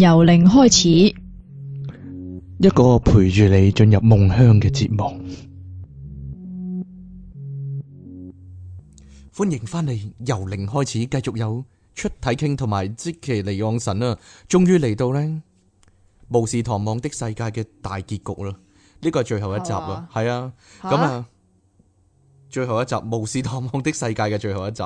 由零開始，一個陪住你進入夢鄉嘅節目。歡迎翻嚟，由零開始，繼續有出體傾同埋即其離岸神啊！終於嚟到呢巫士唐望的世界嘅大結局啦！呢個係最後一集啊，係啊，咁啊，最後一集《巫士唐望的世界》嘅最後一集，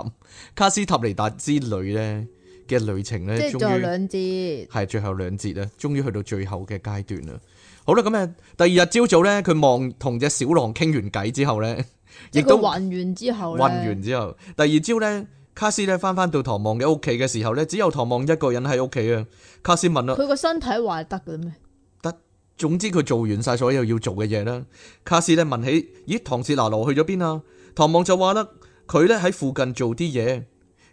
卡斯塔尼達之旅呢。嘅旅程咧，即係最後兩節係最後兩節咧，終於去到最後嘅階段啦。好啦，咁啊，第二日朝早咧，佢望同隻小狼傾完偈之後咧，亦都暈完之後，暈完之後，第二朝咧，卡斯咧翻翻到唐望嘅屋企嘅時候咧，只有唐望一個人喺屋企啊。卡斯問啦，佢個身體壞得嘅咩？得，總之佢做完晒所有要做嘅嘢啦。卡斯咧問起，咦，唐氏拿羅去咗邊啊？唐望就話啦，佢咧喺附近做啲嘢。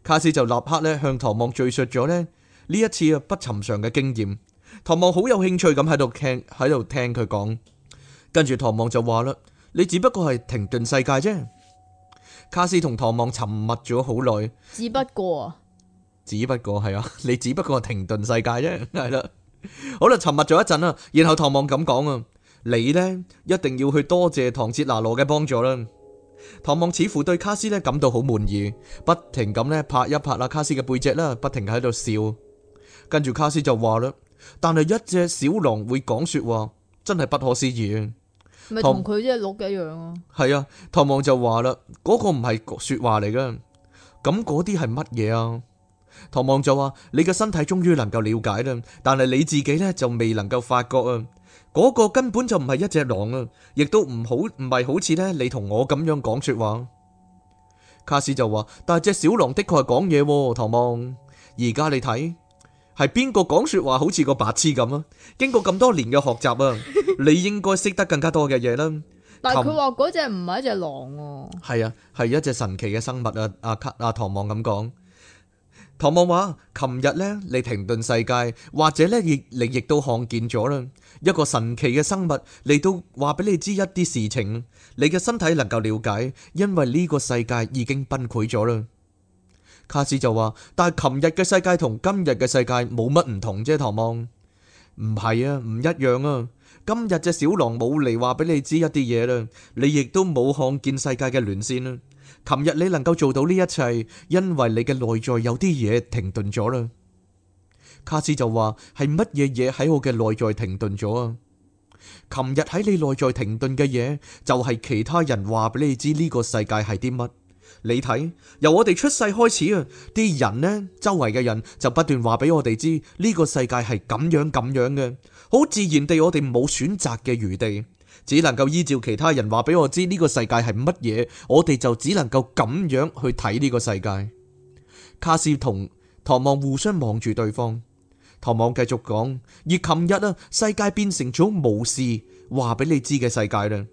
卡斯就立刻咧向唐望敘述咗咧呢一次不尋常嘅經驗。唐望好有興趣咁喺度聽喺度聽佢講，跟住唐望就話啦：你只不過係停頓世界啫。卡斯同唐望沉默咗好耐。只不過，只不過係啊， 你只不過停頓世界啫，係啦，啊。 好啦，沉默咗一陣啦，然後唐望咁講啊：你呢，一定要去多謝唐哲拿羅嘅幫助啦。唐望似乎對卡斯咧感到好滿意，不停咁咧拍一拍啊卡，卡斯嘅背脊啦，不停喺度笑。跟住卡斯就話啦，但係一隻小狼會講說話，真係不可思議。咪同佢隻鹿一樣啊？係啊，唐望就話啦，嗰、嗰個唔係說話嚟噶，咁嗰啲係乜嘢啊？唐望就話：你嘅身體終於能夠了解啦，但係你自己呢，就未能夠發覺啊。嗰個根本就唔係一隻狼啊，亦都唔好唔係好似咧你同我咁樣講說話。卡斯就話：但係隻小狼的確係講嘢，唐望。而家你睇，係邊個講說話好似個白痴咁啊？經過咁多年嘅學習啊，你應該識得更加多嘅嘢啦。但係佢話嗰隻唔係一隻狼哦。係啊，係一隻神奇嘅生物啊！阿卡阿唐望咁講。唐望話：琴日呢，你停頓世界，或者呢，亦你亦都看見咗啦，一個神奇嘅生物嚟到話俾你知一啲事情。你嘅身體能夠了解，因為呢個世界已經崩潰咗啦。卡斯就話：但係琴日嘅世界同今日嘅世界冇乜唔同啫。唐望，唔係啊，唔一樣啊。今日隻小狼冇嚟話俾你知一啲嘢啦，你亦都冇看見世界嘅連線啦。琴日你能夠做到呢一切，因為你嘅內在有啲嘢停頓咗啦。卡斯就話，係乜嘢嘢喺我嘅內在停頓咗啊？琴日喺你內在停頓嘅嘢，就係其他人話俾你知呢個世界係啲乜。你睇，由我哋出世開始啊，啲人呢，周圍嘅人就不斷話俾我哋知呢個世界係咁樣咁樣嘅，好自然地我哋冇選擇嘅餘地。只能夠依照其他人話俾我知呢個世界係乜嘢，我哋就只能夠咁樣去睇呢個世界。卡斯同唐望互相望住對方，唐望繼續講：而琴日啊，世界變成咗無事話俾你知嘅世界啦。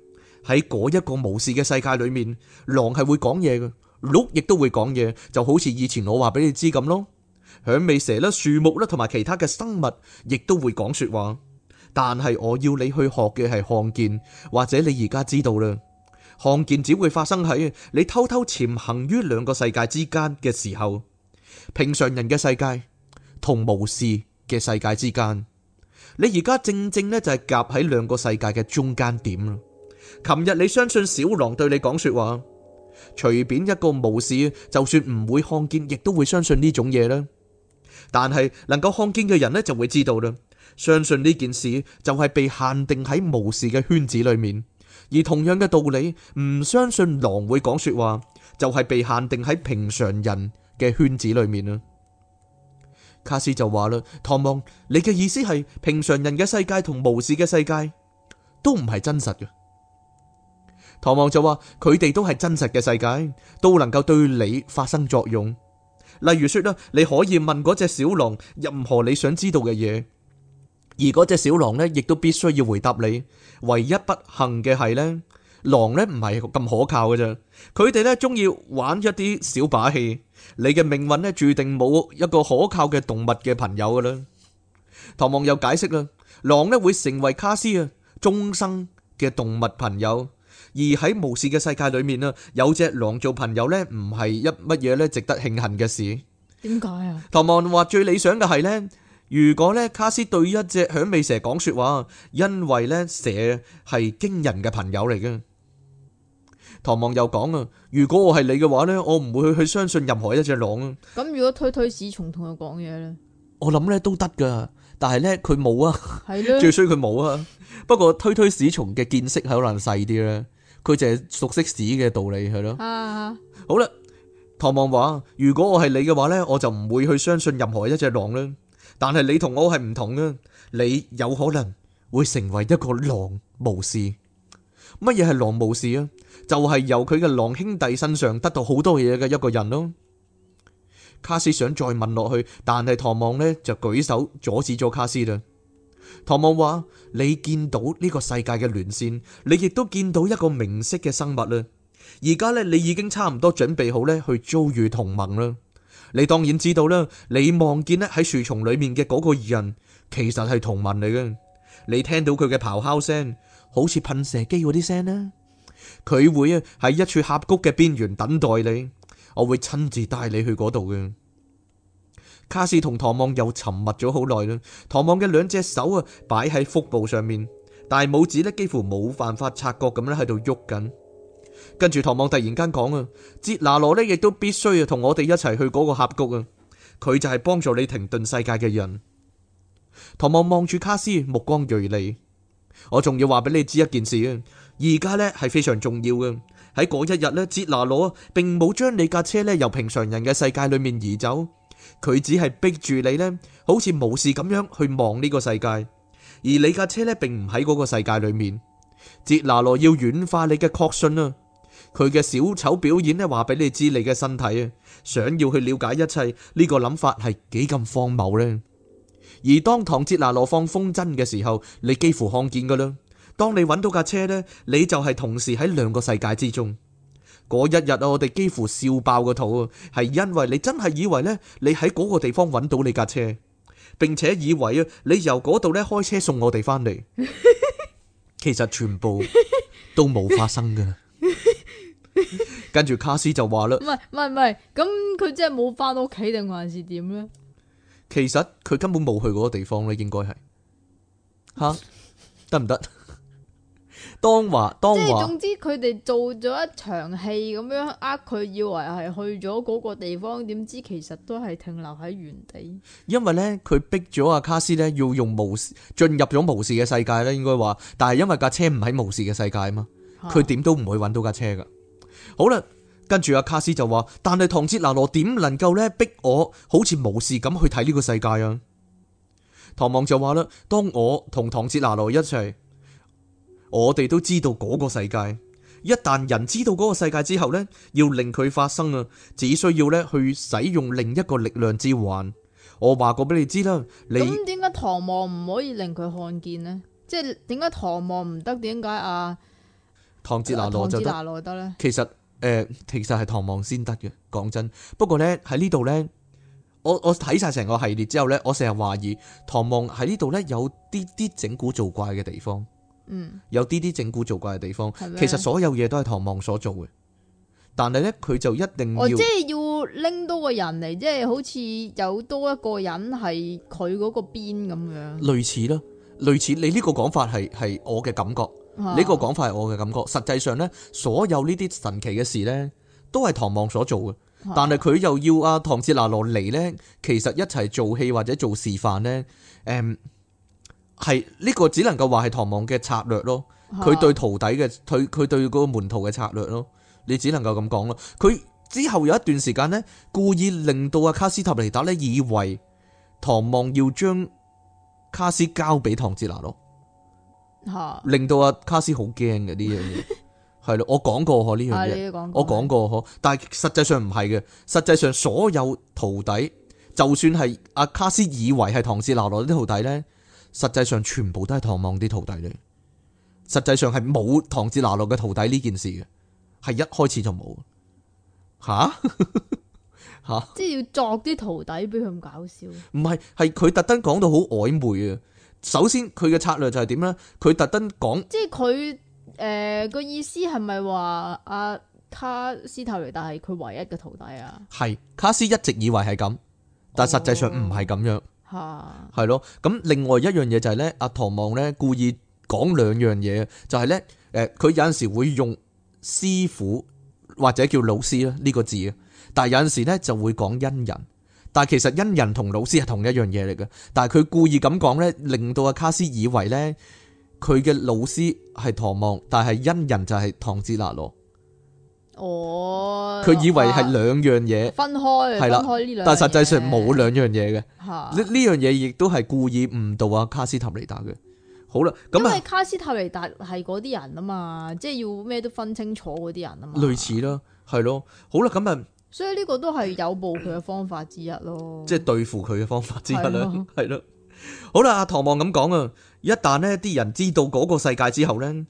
喺嗰一個無事嘅世界裏面，狼係會講嘢嘅，鹿亦都會講嘢，就好似以前我話俾你知咁咯。響尾蛇啦、樹木啦同埋其他嘅生物亦都會講說話。但係我要你去學嘅係看見，或者你而家知道啦。看見只會發生喺你偷偷潛行於兩個世界之間嘅時候，平常人嘅世界同巫士嘅世界之間。你而家正正咧就係夾喺兩個世界嘅中間點啦。琴日你相信小狼對你講說話，隨便一個巫士就算唔會看見，亦都會相信呢種嘢啦。但係能夠看見嘅人呢，就會知道啦。相信呢件事就係被限定喺巫士嘅圈子裏面，而同樣嘅道理，唔相信狼會講說話，就係被限定喺平常人嘅圈子裏面啦。卡斯就話啦，唐望，你嘅意思係平常人嘅世界同巫士嘅世界都唔係真實嘅。唐望就話佢哋都係真實嘅世界，都能夠對你發生作用。例如說啦，你可以問嗰隻小狼任何你想知道嘅嘢。而嗰隻小狼咧，亦都必須要回答你。唯一不幸嘅係呢，狼咧唔係咁可靠嘅啫。佢哋咧中意，玩一啲小把戲。你嘅命運咧注定，冇一個可靠嘅動物嘅朋友噶啦。唐望又解釋啦，狼咧會成為卡斯啊終生嘅動物朋友。而喺巫士嘅世界裏面啊，有隻狼做朋友呢，唔係一乜嘢呢值得慶幸嘅事。點解啊？唐望話最理想嘅係呢。如果咧，卡斯對一隻響尾蛇講說話，因為咧蛇係驚人嘅朋友嚟嘅。唐望又講啊，如果我係你嘅話咧，我唔會去相信任何一隻狼啊。咁如果推推屎蟲同佢講嘢咧，我諗咧都得噶，但係咧佢冇啊，係咯，最衰佢冇啊。不過推推屎蟲嘅見識可能細啲啦，佢淨係熟悉屎嘅道理係咯。啊，好啦，唐望話如果我係你嘅話咧，我就唔會去相信任何一隻狼啦。但係你同我係唔同嘅，你有可能會成為一個狼武士。乜嘢係狼武士啊？就係、是、由佢嘅狼兄弟身上得到好多嘢嘅一個人咯。卡斯想再問落去，但係唐望呢就舉手阻止咗卡斯啦。唐望話：你見到呢個世界嘅連線，你亦都見到一個明晰嘅生物啦。而家呢，你已經差唔多準備好呢去遭遇同盟啦。你當然知道啦，你望見咧喺樹叢裏面嘅嗰個人，其實係同文嚟嘅。你聽到佢嘅咆哮聲，好似噴射機嗰啲聲咧。佢會啊喺一處峽谷嘅邊緣等待你，我會親自帶你去嗰度嘅。卡士同唐望又沉默咗好耐啦。唐望嘅兩隻手啊擺喺腹部上面，大拇指咧幾乎冇辦法察覺咁咧喺度喐緊。跟住唐望突然間講啊，傑拿羅呢亦都必須要同我哋一齊去嗰個峽谷啊，佢就係幫助你停頓世界嘅人。唐望望住卡斯，目光銳利。我仲要話俾你知一件事啊，而家呢係非常重要嘅。喺嗰一日呢，傑拿羅並冇將你架車呢由平常人嘅世界裏面移走，佢只係逼住你呢好似冇事咁樣去望呢個世界，而你架車呢並唔喺嗰個世界裏面。傑拿羅要軟化你嘅確信啊！佢嘅小丑表演呢，話俾你知，你嘅身體啊，想要去了解一切呢、呢個諗法係幾咁荒謬呢？而當唐哲拿羅放風箏嘅時候，你幾乎看見噶啦。當你揾到架車呢，你就係同時喺兩個世界之中。嗰一日啊，我哋幾乎笑爆個肚啊，係因為你真係以為呢，你喺嗰個地方揾到你架車，並且以為啊，你由嗰度呢開車送我哋翻嚟。其實全部都冇發生噶。跟住 卡斯就話啦，唔係唔係唔係，咁佢真係冇翻屋企定還是點呢？其實佢根本冇去嗰個地方咧，應該係吓得唔得？當話當話，即係總之佢哋做咗一場戲咁樣，呃，佢以為係去咗嗰個地方，點 不 知其實都係停留喺原地。因為呢，佢逼咗阿卡斯呢，要用無進入咗無視嘅世界呢，應該話，但係因為架車唔喺無視嘅世界嘛，佢點、啊、都唔會揾到架車噶。好啦，跟住阿卡斯就話，但係唐哲拿羅點能夠呢逼我好似無事咁去睇呢個世界啊？唐望就話啦，當我同唐哲拿羅一齊，我哋都知道嗰個世界。一旦人知道嗰個世界之後呢，要令佢發生啊，只需要呢去使用另一個力量之環。我話過俾你知啦，你咁點解唐望唔可以令佢看見呢？即係點解唐望唔得？點解啊？唐哲拿羅就得呢，其實。誒、呃，其實係唐望先得嘅，講真。不過呢，喺呢度呢，我我睇晒成個系列之後呢，我成日懷疑唐望喺呢度呢，有啲啲整蠱做怪嘅地方，嗯，有啲啲整蠱做怪嘅地方。係咩？其實所有嘢都係唐望所做嘅，但係呢，佢就一定要哦，即係要拎多個人嚟，即係好似有多一個人係佢嗰個邊咁樣。類似啦，類似。類似你呢個講法係係我嘅感覺。呢個講法係我嘅感覺，實際上呢，所有呢啲神奇嘅事呢，都係唐望所做嘅。但係佢又要阿唐杰娜羅嚟呢，其實一齊做戲或者做示範呢，誒、嗯，係呢、呢個只能夠話係唐望嘅策略咯。佢是的 對徒弟嘅，佢佢對嗰個門徒嘅策略咯，你只能夠咁講咯。佢之後有一段時間呢，故意令到阿卡斯塔尼達呢，以為唐望要將卡斯交俾唐杰娜咯。令到阿卡斯好驚嘅呢樣嘢，係咯， 我講過呢樣嘢，啊、我講過嗬，但係實際上唔係嘅，實際上所有徒弟，就算係阿卡斯以為係唐哲拿羅啲徒弟呢，實際上全部都係唐望啲徒弟嚟。實際上係冇唐哲拿羅嘅徒弟呢件事嘅，係一開始就冇，吓、啊、吓， 即係要作啲徒弟俾佢咁搞笑，唔係，係佢特登講到好曖昧啊。首先佢嘅策略就係點呢？佢特登講，即係佢誒個意思係咪話阿卡斯泰雷係佢唯一嘅徒弟啊？係卡斯一直以為係咁，但係實際上唔係咁樣。吓、哦，係咯。咁另外一樣嘢就係、是、咧，阿唐望咧故意講兩樣嘢，就係咧，誒佢有陣時會用師傅或者叫老師啦呢、這個字啊，但係有陣時咧就會講恩人。但其實恩人同老師係同一樣嘢嚟嘅，但係佢故意咁講呢，令到阿卡斯以為呢，佢嘅老師係唐望，但係恩人就係唐治辣羅。哦，佢以為係兩樣嘢，啊，分開，係啦，但係實際上冇兩樣嘢嘅。呢呢的樣嘢亦都係故意誤導阿卡斯塔尼達嘅。好啦，咁啊，因為卡斯塔尼達係嗰啲人啊嘛，即係要咩都分清楚嗰啲人啊嘛。類似咯，係咯。好啦，咁啊。所以呢個都係有步佢嘅方法之一咯，即係對付佢嘅方法之一啦，係咯。好啦，阿唐望咁講啊，一旦呢啲人知道嗰個世界之後呢，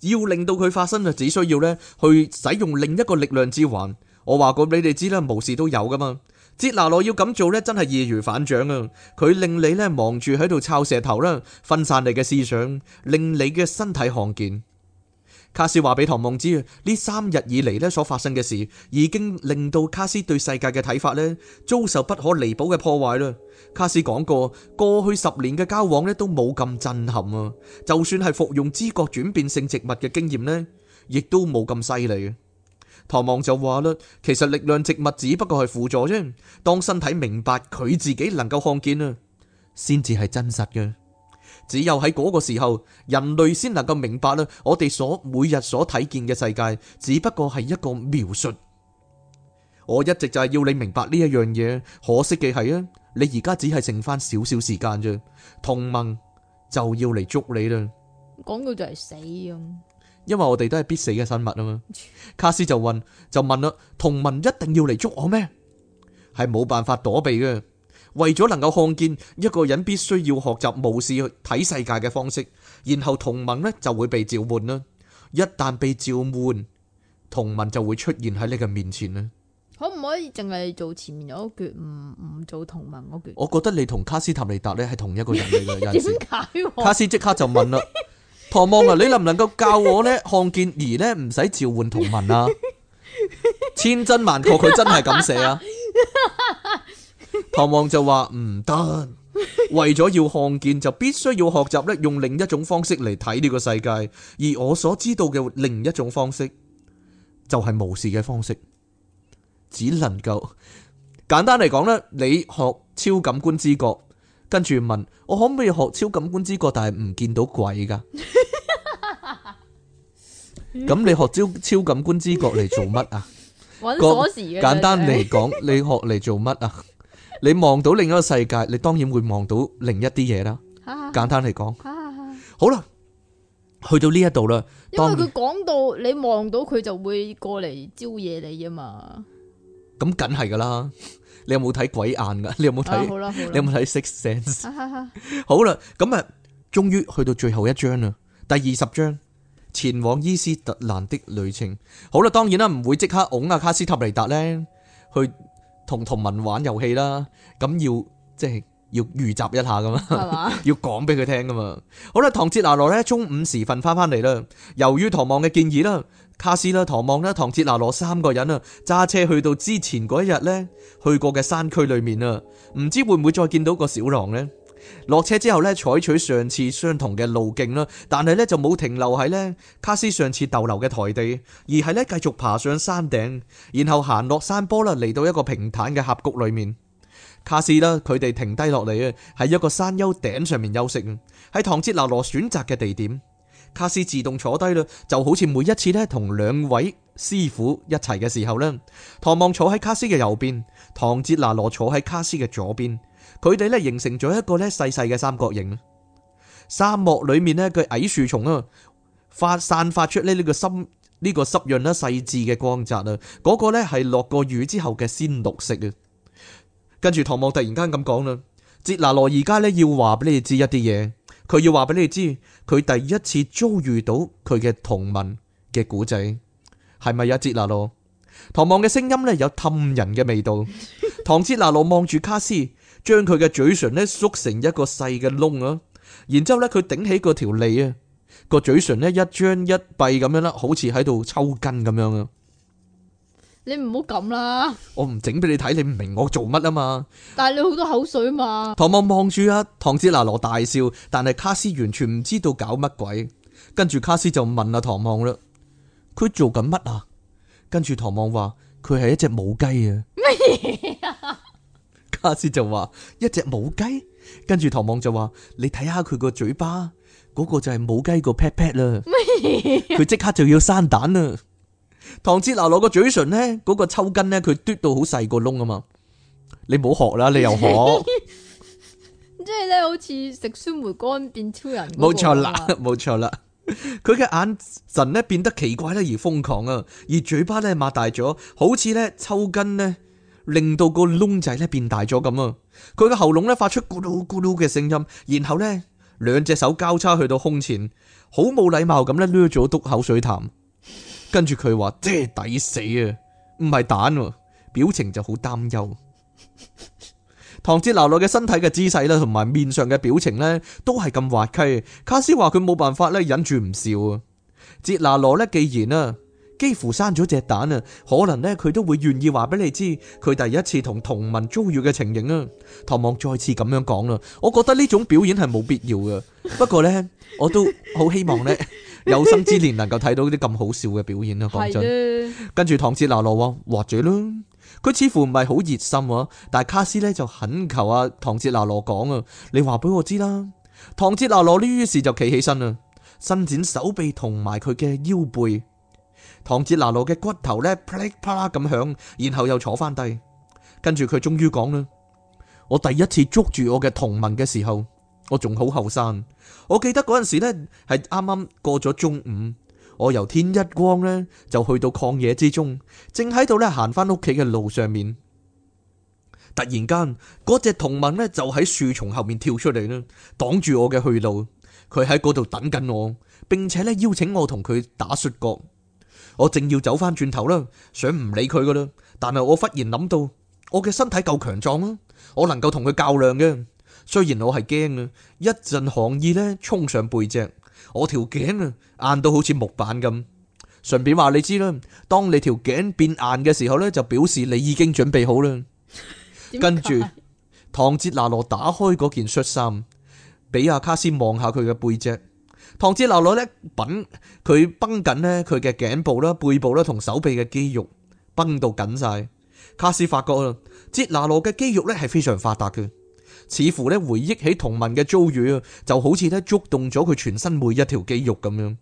要令到佢發生就只需要呢去使用另一個力量之環。我話過你哋知啦，無事都有噶嘛。捷拿羅要咁做呢，真係易如反掌啊！佢令你呢忙住喺度抄石頭啦，分散你嘅思想，令你嘅身體看見。卡斯話俾唐望知啊，呢三日以嚟咧所發生嘅事，已經令到卡斯對世界嘅睇法咧遭受不可彌補嘅破壞啦。卡斯講過，過去十年嘅交往咧都冇咁震撼啊，就算係服用知覺轉變性植物嘅經驗咧，亦都冇咁犀利。唐望就話啦，其實力量植物只不過係輔助啫，當身體明白佢自己能夠看見啊，先至係真實嘅。只有喺嗰個時候，人類先能夠明白啦，我哋所每日所睇見嘅世界，只不過係一個描述。我一直就係要你明白呢一樣嘢，可惜嘅係啊，你而家只係剩翻少少時間啫，同盟就要嚟捉你啦。講到就係死咁，因為我哋都係必死嘅生物啊嘛。卡斯就問就問啦，同盟一定要嚟捉我咩？係冇辦法躲避嘅。為咗能夠看見一個人，必須要學習無視睇世界嘅方式，然後同盟咧，就會被召喚啦。一旦被召喚，同盟就會出現喺你嘅面前啦。可唔可以淨係做前面嗰句，唔唔做同盟？嗰，我覺得你同卡斯塔尼達咧，係同一個人嚟嘅。點解？卡斯即刻就問啦：， 唐望啊，你能唔能夠教我呢？看見而呢？唔使召喚同盟啊？千真萬確，佢真係咁寫啊！ 唐望就話唔得，為咗要看見，就必須要學習咧，用另一種方式嚟睇呢個世界。而我所知道嘅另一種方式，就係巫士嘅方式。只能夠簡單嚟講咧，你學超感官知覺，跟住問我可唔可以學超感官知覺，但係唔見到鬼噶？咁 你學超超感官知覺嚟做乜啊？玩鎖匙嘅 各簡單嚟講， 你學嚟做乜啊？你望到另一個世界，你當然會望到另一啲嘢啦。簡單嚟講，好啦，去到呢一度啦。因為佢講到你望到佢就會過嚟招惹你啊嘛。咁梗係噶啦。你有冇睇鬼眼噶？你有冇睇？好啦，你有冇睇 Six Sense？好啦，咁啊，終於去到最後一章啦。第二十章：前往伊斯特蘭的旅程。好啦，當然啦，唔會即刻㧬阿卡斯塔尼達咧去。同同文玩遊戲啦，咁要即係要預習一下噶嘛。吧 要講俾佢聽噶嘛。好啦，唐哲拿羅咧中午時分翻返嚟啦。由於唐望嘅建議啦，卡斯啦，唐望啦，唐哲拿羅三個人啊，揸車去到之前嗰一日咧去過嘅山區裡面啊，唔知會唔會再見到個小狼咧？落車之後咧，採取上次相同嘅路徑啦，但係呢就冇停留喺呢卡斯上次逗留嘅台地，而係呢繼續爬上山頂，然後行落山坡啦，嚟到一個平坦嘅峽谷裏面。卡斯啦，佢哋停低落嚟啊，喺一個山丘頂上面休息，喺唐哲那羅選擇嘅地點。卡斯自動坐低啦，就好似每一次呢同兩位師傅一齊嘅時候呢，唐望坐喺卡斯嘅右邊，唐哲那羅坐喺卡斯嘅左邊。佢哋咧形成咗一個咧細細嘅三角形，沙漠裏面咧，個矮樹叢啊，發散發出呢呢個濕呢、呢個濕潤啦、細致嘅光澤啦。嗰、嗰個咧係落過雨之後嘅鮮綠色啊。跟住唐望突然間咁講啦，哲拿羅而家咧要話俾你哋知一啲嘢，佢要話俾你哋知，佢第一次遭遇到佢嘅同文嘅古仔係咪啊？哲拿羅，唐望嘅聲音咧有氹人嘅味道。唐哲拿羅望住卡斯。將佢嘅嘴唇咧縮成一個細嘅窿啊，然之後咧佢頂起個條脷啊，個嘴唇咧一張一閉咁樣啦，好似喺度抽筋咁樣啊！你唔好咁啦！我唔整俾你睇，你唔明我做乜啊嘛！但係你好多口水啊嘛！唐望望住啊，唐吉娜羅大笑，但係卡斯完全唔知道搞乜鬼。跟住卡斯就問啊，唐望啦，佢做緊乜啊？跟住唐望話，佢係一隻母雞啊！咩？阿師就話，一隻母雞。跟住唐望就話，你睇下佢個嘴巴嗰、那個就係母雞個 pat pat 啦，佢即刻就要生蛋啦。唐志娜攞個嘴唇咧，嗰、那個抽筋咧，佢嘟到好細個窿啊嘛。你唔好學啦，你又學即係咧，好似食酸梅乾變超人、那個，冇錯啦，冇錯啦。佢嘅眼神咧變得奇怪咧而瘋狂啊，而嘴巴咧擘大咗，好似咧抽筋咧。令到個窿仔咧變大咗咁啊！佢個喉嚨咧發出咕嚕咕嚕嘅聲音，然後咧兩隻手交叉去到胸前，好冇禮貌咁咧，擸咗篤口水痰。跟住佢話：即係抵死啊！唔係蛋，表情就好擔憂。唐哲拿羅嘅身體嘅姿勢啦，同埋面上嘅表情咧，都係咁滑稽。卡斯話佢冇辦法咧忍住唔笑啊！哲拿羅咧，既然啊。幾乎生咗隻蛋啊！可能呢，佢都會願意話俾你知佢第一次同同盟遭遇嘅情形啊！唐望再次咁樣講啦，我覺得呢種表演係冇必要嘅。不過呢，我都好希望呢，有生之年能夠睇到啲咁好笑嘅表演啊！講真，的跟住唐哲拿羅話或者啦，佢似乎唔係好熱心，但係卡斯呢，就懇求啊唐哲拿羅講啊，你話俾我知啦。唐哲拿羅呢，於是就企起身啦，伸展手臂同埋佢嘅腰背。唐哲拿羅嘅骨頭咧，啪啪啦咁響，然後又坐翻低，跟住佢終於講啦：我第一次捉住我嘅同盟嘅時候，我仲好後生。我記得嗰陣時咧係啱啱過咗中午，我由天一光呢，就去到曠野之中，正喺度咧行翻屋企嘅路上面。突然間，嗰隻同盟呢，就喺樹叢後面跳出嚟啦，擋住我嘅去路。佢喺嗰度等緊我，並且咧邀請我同佢打雪角。我正要走翻轉頭啦，想唔理佢噶啦，但係我忽然諗到，我嘅身體夠強壯啦，我能夠同佢較量嘅。雖然我係驚啊，一陣寒意呢，衝上背脊，我條頸啊硬到好似木板咁。順便話你知啦，當你條頸變硬嘅時候呢，就表示你已經準備好啦。跟住唐哲拿羅打開嗰件恤衫，俾阿卡斯望下佢嘅背脊。唐哲拿羅咧，緊佢繃緊咧，佢嘅頸部啦、背部啦同手臂嘅肌肉繃到緊晒。卡斯發覺啊，哲拿羅嘅肌肉咧係非常發達嘅，似乎咧回憶起同盟嘅遭遇啊，就好似咧觸動咗佢全身每一條肌肉咁樣。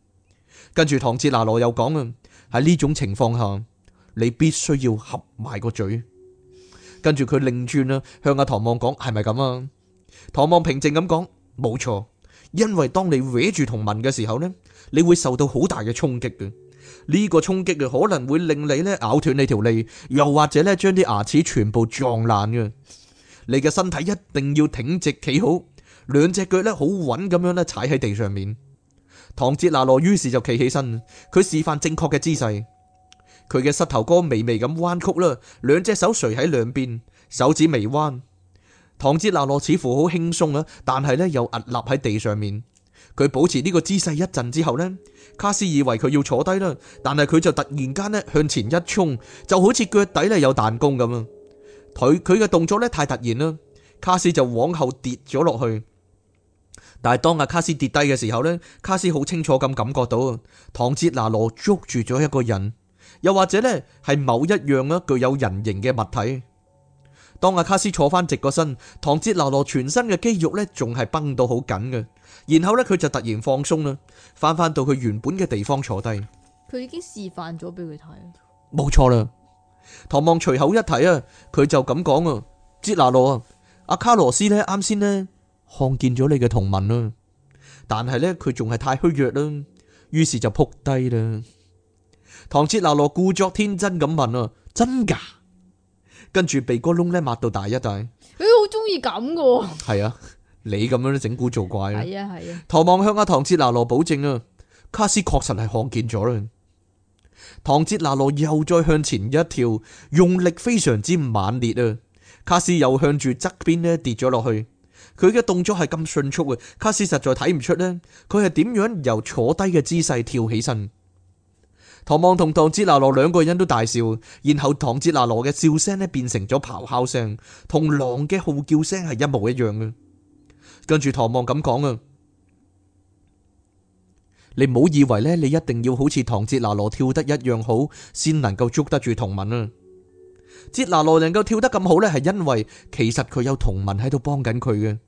跟住唐哲拿羅又講啊，喺呢種情況下，你必須要合埋個嘴。跟住佢擰轉啊，向阿唐望講，係咪咁啊？唐望平靜咁講，冇錯。因為當你搲住同文嘅時候呢，你會受到好大嘅衝擊嘅，呢個衝擊嘅可能會令你咧咬斷你條脷，又或者咧將啲牙齒全部撞爛嘅。你嘅身體一定要挺直企好，兩隻腳咧好穩咁樣咧踩喺地上面。唐哲拿羅於是就企起身，佢示範正確嘅姿勢，佢嘅膝頭哥微微咁彎曲啦，兩隻手垂喺兩邊，手指微彎。唐哲納洛似乎好輕鬆啊，但係咧又屹立喺地上面。佢保持呢個姿勢一陣之後呢，卡斯以為佢要坐低啦，但係佢就突然間咧向前一衝，就好似腳底咧有彈弓咁啊！佢佢嘅動作咧太突然啦，卡斯就往後跌咗落去。但係當阿卡斯跌低嘅時候呢，卡斯好清楚咁感覺到唐哲納洛捉住咗一個人，又或者咧係某一樣啊具有人形嘅物體。當阿卡斯坐翻直個身，唐哲拿羅全身嘅肌肉咧，仲係繃到好緊嘅。然後咧，佢就突然放鬆啦，翻翻到佢原本嘅地方坐低。佢已經示範咗俾佢睇，冇錯啦。唐望隨口一提啊，佢就咁講啊，哲拿羅啊，阿卡羅斯咧，啱先咧看見咗你嘅同文啦，但係咧佢仲係太虛弱啦，於是就撲低啦。唐哲拿羅故作天真咁問啊，真噶？跟住鼻哥窿咧，抹到大一大。佢好中意咁噶。係啊，你咁樣咧整蠱做怪 啊。係啊係啊。唐望向阿、啊、唐哲拿羅，保證啊，卡斯確實係看見咗啦。唐哲拿羅又再向前一跳，用力非常之猛烈啊！卡斯又向住側邊呢跌咗落去。佢嘅動作係咁迅速啊！卡斯實在睇唔出呢，佢係點樣由坐低嘅姿勢跳起身。唐望同唐哲拿羅兩個人都大笑，然後唐哲拿羅嘅笑聲咧變成咗咆哮聲，同狼嘅號叫聲係一模一樣嘅。跟住唐望咁講啊，你唔好以為咧，你一定要好似唐哲拿羅跳得一樣好，先能夠捉得住同盟啊。哲拿羅能夠跳得咁好咧，係因為其實佢有同盟喺度幫緊佢嘅。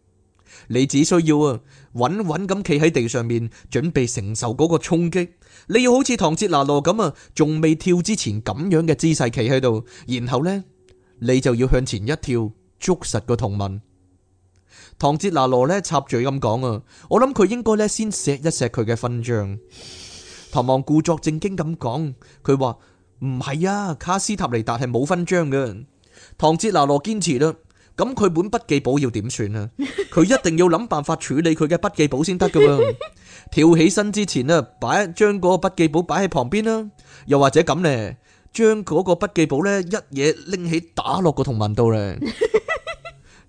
你只需要啊，穩穩咁企喺地上面，準備承受嗰個衝擊。你要好似唐哲拿羅咁啊，仲未跳之前咁樣嘅姿勢企喺度，然後呢，你就要向前一跳，捉實個同文。唐哲拿羅呢插嘴咁講啊，我諗佢應該呢先錫一錫佢嘅勳章。唐望故作正經咁講，佢話唔係啊，卡斯塔尼達係冇勳章嘅。唐哲拿羅堅持啦。咁佢本筆記簿要點算啊？佢一定要諗辦法處理佢嘅筆記簿先得噶嘛。跳起身之前啊，擺將嗰個筆記簿擺喺旁邊啦。又或者咁呢，將嗰個筆記簿呢一嘢拎起打落個同盟度呢。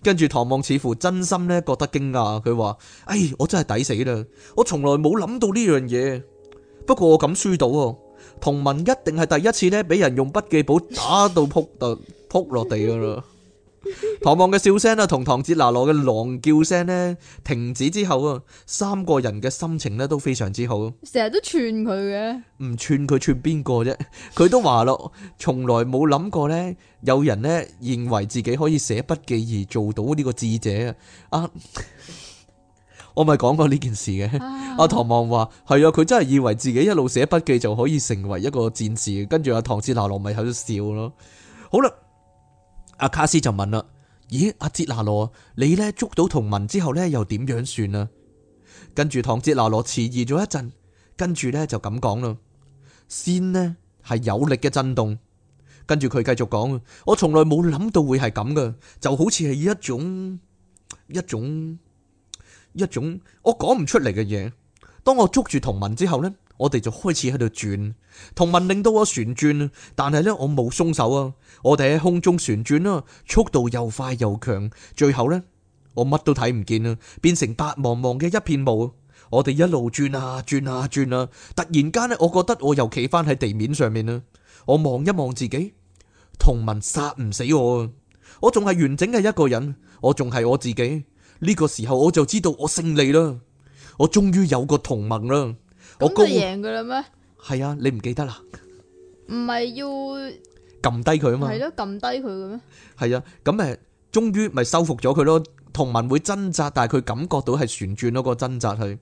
跟住 唐望似乎真心呢覺得驚訝，佢話：哎，我真係抵死啦！我從來冇諗到呢樣嘢。不過我敢輸到，同盟一定係第一次呢俾人用筆記簿打到撲，撲到撲落地噶啦。唐望嘅笑聲啊，同唐哲拿羅嘅狼叫聲咧停止之後啊，三個人嘅心情咧都非常之好。成日都串佢嘅，唔串佢串邊個啫？佢都話咯，從來冇諗過呢。有人呢，認為自己可以寫筆記而做到呢個智者啊！阿我咪講過呢件事嘅，阿唐望話係啊，佢真係以為自己一路寫筆記就可以成為一個戰士。跟住阿唐哲拿羅咪喺度笑咯。好啦。阿卡斯就問啦，咦，阿哲拿羅，你咧捉到同文之後咧，又點樣算啊？跟住唐哲拿羅遲疑咗一陣，跟住咧就咁講咯。先咧係有力嘅震動，跟住佢繼續講，我從來冇諗到會係咁嘅，就好似係一種一種一種我講唔出嚟嘅嘢。當我捉住同文之後咧，我哋就開始喺度轉，同文令到我旋轉，但係咧我冇鬆手啊。我哋喺空中旋轉啦，速度又快又強，最後呢，我乜都睇唔見啦，變成白茫茫嘅一片霧。我哋一路轉啊轉啊轉啊，突然間呢，我覺得我又企返喺地面上面啦。我望一望自己，同盟殺唔死我，我仲係完整嘅一個人，我仲係我自己。呢、這個時候我就知道我勝利啦，我終於有個同盟啦。贏我就贏噶啦咩？係啊，你唔記得啦？唔係要。撳低佢啊嘛！係咯，撳低佢嘅咩？係啊，咁誒，終於咪收服咗佢咯。同文會掙扎，但係佢感覺到係旋轉嗰個掙扎係。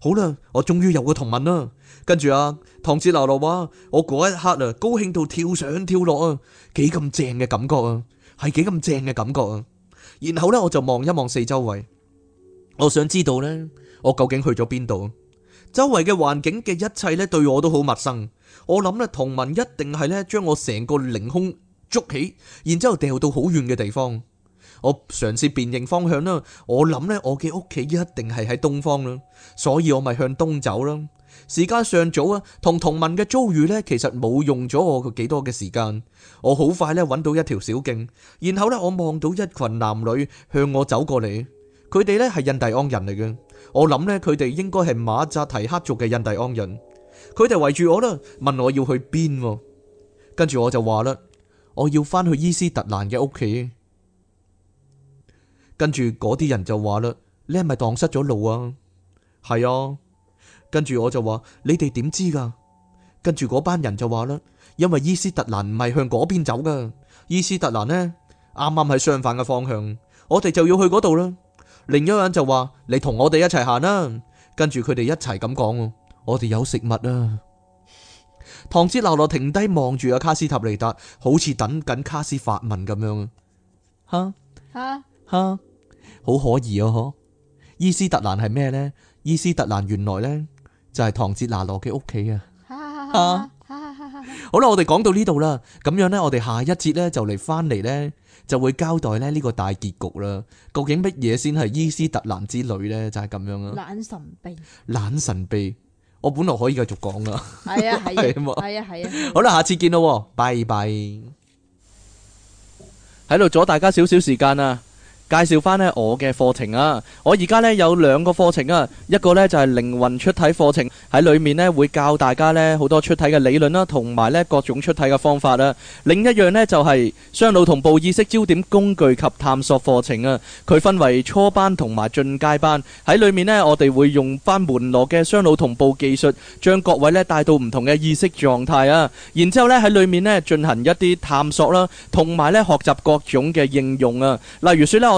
好啦，我終於有個同文啦。跟住啊，唐哲納羅話：我嗰一刻啊，高興到跳上跳落啊，幾咁正嘅感覺啊，係幾咁正嘅感覺啊。然後咧，我就望一望四周圍，我想知道咧，我究竟去咗邊度？周圍嘅環境嘅一切咧，對我都好陌生。我諗咧，同文一定係咧將我成個凌空捉起，然之後掉到好遠嘅地方。我嘗試辨認方向啦，我諗咧我嘅屋企一定係喺東方啦，所以我咪向東走啦。時間尚早啊，同同文嘅遭遇咧，其實冇用咗我幾多嘅時間。我好快咧揾到一條小徑，然後咧我望到一群男女向我走過嚟，佢哋咧係印第安人嚟嘅。我諗咧佢哋應該係馬扎提克族嘅印第安人。佢哋圍住我啦，問我要去邊？跟住我就話啦，我要翻去伊斯特蘭嘅屋企。跟住嗰啲人就話啦，你係咪蕩失咗路啊？係啊，跟住我就話，你哋點知噶？跟住嗰班人就話啦，因為伊斯特蘭唔係向嗰邊走噶，伊斯特蘭呢啱啱係相反嘅方向，我哋就要去嗰度啦。另一個人就話，你同我哋一齊行啦。跟住佢哋一齊咁講。我哋有食物啊！唐哲拿羅停低望住啊卡斯塔尼達，好似等緊卡斯發問咁樣啊！吓吓吓！好可疑哦嗬！伊斯特蘭係咩咧？伊斯特蘭原來咧就係唐哲拿羅嘅屋企啊！吓吓吓吓吓吓吓！好啦，我哋講到呢度啦，咁樣咧，我哋下一節咧就嚟翻嚟咧，就會交代咧呢個大結局啦。究竟乜嘢先係伊斯特蘭之旅咧？就係咁樣啦。懶神秘，懶神秘。我本來可以繼續講噶，係啊係啊係啊係啊，啊啊啊啊啊啊啊，好啦，下次見咯，拜拜，喺度阻大家少少時間啊。介紹翻咧我嘅課程啊！我而家咧有兩個課程啊，一個咧就係靈魂出體課程，喺裏面咧會教大家咧好多出體嘅理論啦，同埋咧各種出體嘅方法啦。另一樣咧就係雙腦同步意識焦點工具及探索課程啊。佢分為初班同埋進階班，喺裏面咧我哋會用返門羅嘅雙腦同步技術，將各位咧帶到唔同嘅意識狀態啊。然之後咧喺裏面咧進行一啲探索啦，同埋咧學習各種嘅應用啊。例如説咧我。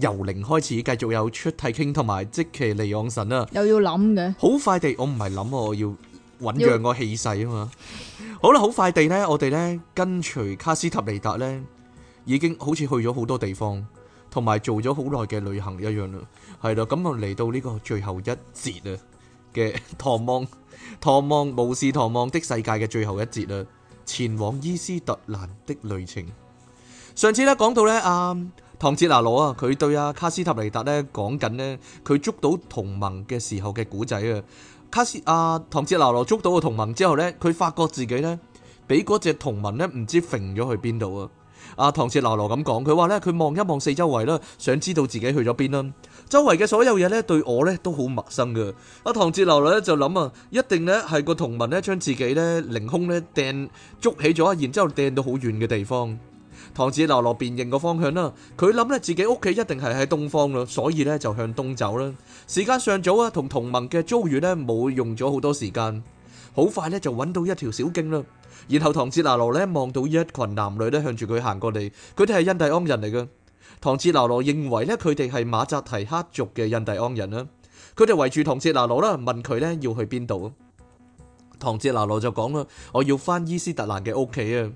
由零開始，繼續有出題傾同埋即其離岸神啦，又要諗嘅。好快地，我唔係諗我要醞釀個氣勢啊嘛。好啦，好快地咧，我哋咧跟隨卡斯塔尼達咧，已經好似去咗好多地方，同埋做咗好耐嘅旅行一樣啦。係咯，咁啊嚟到呢個最後一節啊嘅唐望唐望巫士唐望的世界嘅最後一節啊，前往伊斯特蘭的旅程。上次咧講到咧啊。唐哲娜羅啊，佢對阿卡斯塔尼達咧講緊咧，佢捉到同盟嘅時候嘅古仔啊。卡斯阿唐哲娜羅捉到個同盟之後咧，佢發覺自己咧，俾嗰隻同盟咧唔知揈咗去邊度啊！阿唐哲娜羅咁講，佢話咧，佢望一望四周圍啦，想知道自己去咗邊啦。周圍嘅所有嘢咧，對我咧都好陌生噶。阿唐哲娜羅咧就諗啊，一定咧係個同盟咧將自己咧凌空咧掟捉起咗，然之後掟到好遠嘅地方。唐哲拿羅辨認個方向啦，佢諗咧自己屋企一定係喺東方咯，所以咧就向東走啦。時間尚早啊，同同盟嘅遭遇咧冇用咗好多時間，好快咧就揾到一條小徑啦。然後唐哲拿羅咧望到一群男女咧向住佢行過嚟，佢哋係印第安人嚟嘅。唐哲拿羅認為咧佢哋係馬扎提克族嘅印第安人啦，佢哋圍住唐哲拿羅啦，問佢咧要去邊度。唐哲拿羅就講啦：我要翻伊斯特蘭嘅屋企啊！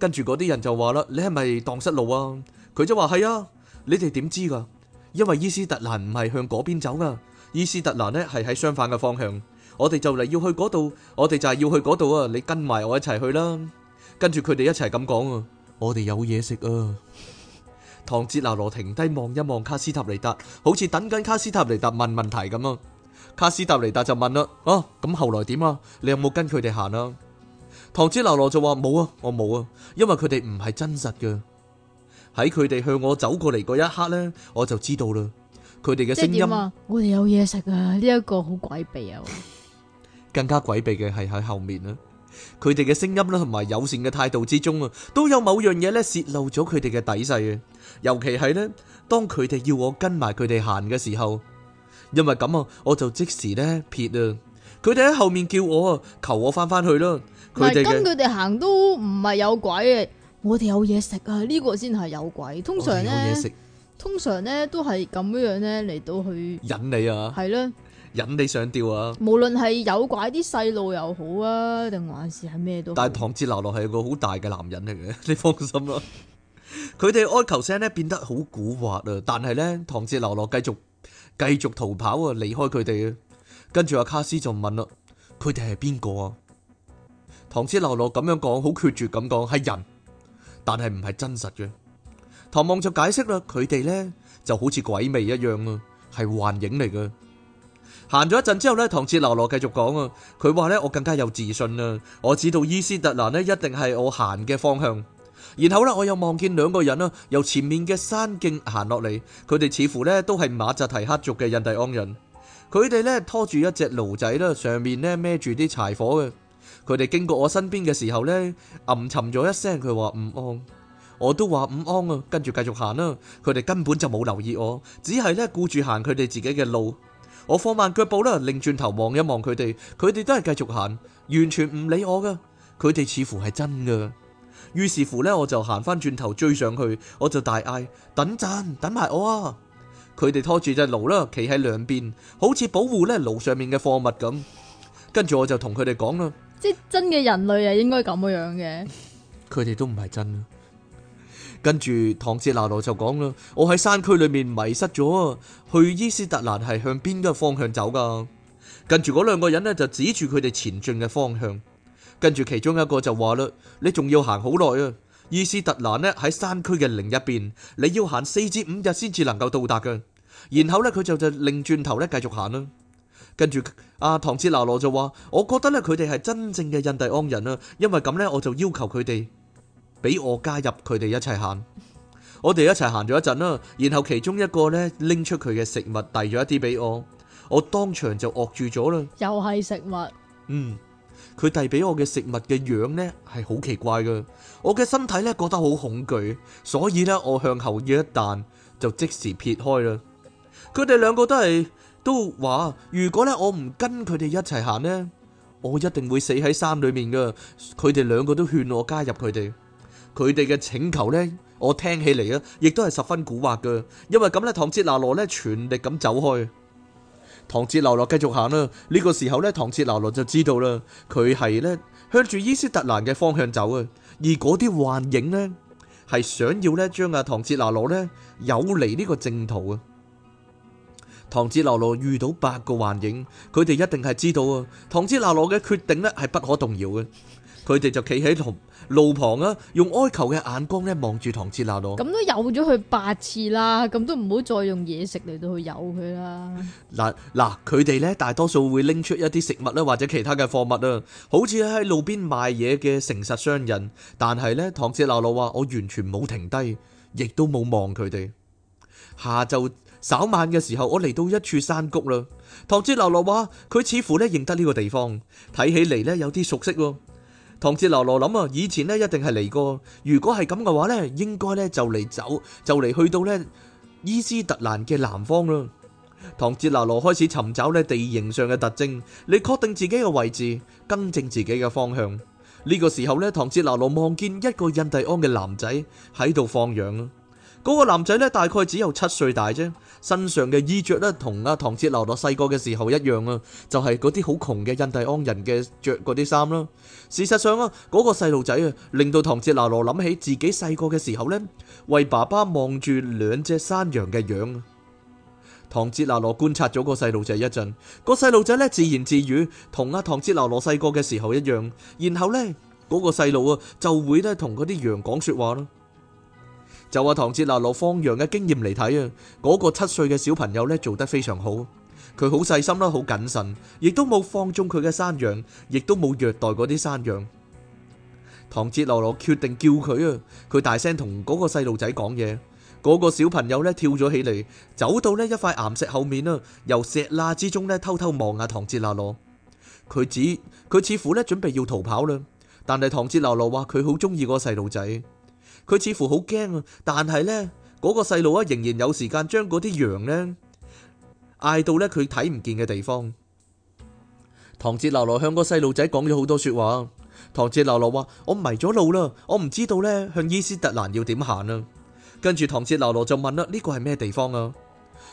跟住嗰啲人就話啦，你係咪蕩失路啊？佢就話係啊，你哋點知噶？因為伊斯特蘭唔係向嗰邊走噶，伊斯特蘭呢係喺相反嘅方向。我哋就嚟，要去嗰度，我哋就係要去嗰度啊！你跟埋我一齊去啦。跟住佢哋一齊咁講啊，我哋有嘢食啊。唐哲拿羅停低望一望卡斯塔尼達，好似等緊卡斯塔尼達問問題咁啊。卡斯塔尼達就問啦，啊，咁後來點啊？你有冇跟佢哋行啊？唐子流羅就話冇啊，我冇啊，因為佢哋唔係真實㗎。喺佢哋向我走過嚟嗰一刻咧，我就知道啦。佢哋嘅聲音，我哋有嘢食啊！呢一個好詭秘啊。更加詭秘嘅係喺後面啦。佢哋嘅聲音啦，同埋友善嘅態度之中啊，都有某樣嘢咧洩露咗佢哋嘅底細啊。尤其係咧，當佢哋要我跟埋佢哋行嘅時候，因為咁啊，我就即時咧撇啊。佢哋喺後面叫我啊，求我翻翻去啦。唔係跟佢哋行都唔係有鬼嘅，我哋有嘢食啊！呢個先係有鬼。通常咧，通常咧都係咁樣樣咧嚟，到去引你啊，係咯，引你上吊啊！無論係有鬼啲細路又好啊，定還是係咩都好。但係唐捷流落係個好大嘅男人嚟嘅，你放心啦。佢哋哀求聲咧變得好古惑啊，但係咧唐捷流落繼續繼續逃跑啊，離開佢哋啊。跟住阿卡斯就問啦：佢哋係邊個啊？唐切勞羅咁樣講，好決絕咁講，係人，但係唔係真實嘅。唐望就解釋啦，佢哋呢就好似鬼魅一樣啊，係幻影嚟嘅。行咗一陣之後呢，唐切勞羅繼續講啊，佢話呢，我更加有自信啦，我知道伊斯特蘭呢一定係我行嘅方向。然後呢，我又望見兩個人啊，由前面嘅山徑行落嚟，佢哋似乎呢都係馬扎提克族嘅印第安人。佢哋呢拖住一隻驢仔啦，上面呢孭住啲柴火嘅。佢哋經過我身邊嘅時候呢，暗沉咗一聲，佢話唔安，我都話唔安啊，跟住繼續行啦。佢哋根本就冇留意我，只係咧顧住行佢哋自己嘅路。我放慢腳步啦，擰轉頭望一望佢哋，佢哋都係繼續行，完全唔理我噶。佢哋似乎係真噶。於是乎呢，我就行翻轉頭追上去，我就大嗌：等陣，等埋我啊！佢哋拖住隻驢啦，企喺兩邊，好似保護咧驢上面嘅貨物咁。跟住我就同佢哋講啦。即真嘅人類係應該咁樣嘅，佢哋都唔係真。跟住唐哲拿羅就講啦，我喺山區裏面迷失咗，去伊斯特蘭係向邊個方向走噶？跟住嗰兩個人呢，就指住佢哋前進嘅方向，跟住其中一個就話啦，你仲要行好耐啊！伊斯特蘭呢，喺山區嘅另一邊，你要行四至五日先至能夠到達嘅。然後呢，佢就就擰轉頭咧繼續行啦。跟住阿、啊、唐哲拿羅就話：，我覺得咧佢哋係真正嘅印第安人啊，因為咁呢，我就要求佢哋俾我加入佢哋一齊行。 我哋一齊行咗一陣啦，然後其中一個咧拎出佢嘅食物遞咗一啲俾我，我當場就惡住咗啦。又係食物。嗯，佢遞俾我嘅食物嘅樣呢係好奇怪噶，我嘅身體呢覺得好恐懼，所以呢，我向後要一彈就即時撇開啦。佢哋兩個都係。都話如果咧我唔跟佢哋一齊行呢，我一定會死喺山裏面噶。佢哋兩個都勸我加入佢哋，佢哋嘅請求呢，我聽起嚟啊，亦都係十分蠱惑噶。因為咁咧，唐切拿羅咧全力咁走開。唐切拿羅繼續行啦。呢個時候咧，唐切拿羅就知道啦，佢係咧向住伊斯特蘭嘅方向走啊。而嗰啲幻影呢，係想要咧將阿唐切拿羅咧有嚟呢個正途啊。唐捷流羅遇到八個幻影，佢哋一定係知道啊！唐捷流羅嘅決定咧係不可動搖嘅，佢哋就企喺路路旁啊，用哀求嘅眼光咧望住唐捷流羅。咁都有咗佢八次啦，咁都唔好再用嘢食嚟到去誘佢啦。嗱嗱，佢哋咧大多數會拎出一啲食物啦或者其他嘅貨物啊，好似喺路邊賣嘢嘅誠實商人。但係咧，唐捷流羅話：我完全冇停低，亦都冇望佢哋。下晝。稍晚嘅時候，我嚟到一處山谷啦。唐哲羅羅話：佢似乎咧認得呢個地方，睇起嚟咧有啲熟悉。唐哲羅羅諗啊，以前咧一定係嚟過。如果係咁嘅話咧，應該咧就嚟走，就嚟去到咧伊斯特蘭嘅南方啦。唐哲羅羅開始尋找咧地形上嘅特徵，嚟確定自己嘅位置，更正自己嘅方向。呢個時候咧，唐哲羅羅望見一個印第安嘅男仔喺度放羊。嗰個男仔咧，大概只有七歲大啫，身上嘅衣着咧，同阿唐哲那羅細個嘅時候一樣啊，就係嗰啲好窮嘅印第安人嘅着嗰啲衫啦。事實上啊，嗰個細路仔啊，令到唐哲那羅諗起自己細個嘅時候咧，為爸爸望住兩隻山羊嘅樣。唐哲那羅觀察咗個細路仔一陣，個細路仔咧自言自語，同阿唐哲那羅細個嘅時候一樣。然後咧，嗰個細路啊就會咧同嗰啲羊講說話啦。就話唐哲娜羅放羊嘅經驗嚟睇啊，嗰、那個七歲嘅小朋友咧做得非常好，佢好細心啦，好謹慎，亦都冇放縱佢嘅山羊，亦都冇虐待嗰啲山羊。唐哲娜羅決定叫佢啊，佢大聲同嗰個細路仔講嘢，嗰個小朋友咧跳咗起嚟，走到呢一塊岩石後面啦，由石罅之中咧偷偷望下唐哲娜羅。佢指佢似乎咧準備要逃跑啦，但係唐哲娜羅話佢好中意嗰個細路仔。佢似乎好驚啊，但係呢，嗰個細路啊仍然有時間將嗰啲羊呢嗌到呢，佢睇唔見嘅地方。唐哲流羅向個細路仔講咗好多說話。唐哲流羅話：「我迷咗路啦，我唔知道呢向伊斯特蘭要點行啊。」跟住唐哲流羅就問啦，呢個係咩地方啊？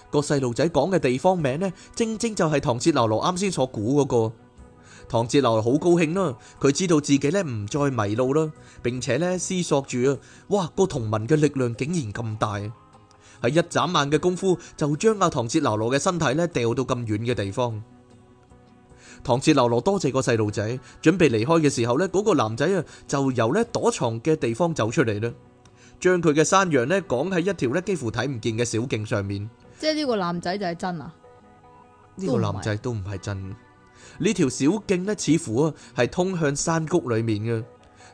個細路仔講嘅地方名呢，正正就係唐哲流羅啱先所估嗰個。唐哲羅好高興啦，佢知道自己咧唔再迷路啦，並且咧思索住啊，哇個同盟嘅力量竟然咁大，係一眨眼嘅功夫就將阿唐哲羅嘅身體咧掉到咁遠嘅地方。唐哲羅多謝個細路仔，準備離開嘅時候咧，嗰個男仔啊就由咧躲藏嘅地方走出嚟啦，將佢嘅山羊咧趕喺一條咧幾乎睇唔見嘅小徑上面。即係呢個男仔就係真啊？呢個男仔都唔係真。呢條小徑咧，似乎啊係通向山谷裏面嘅。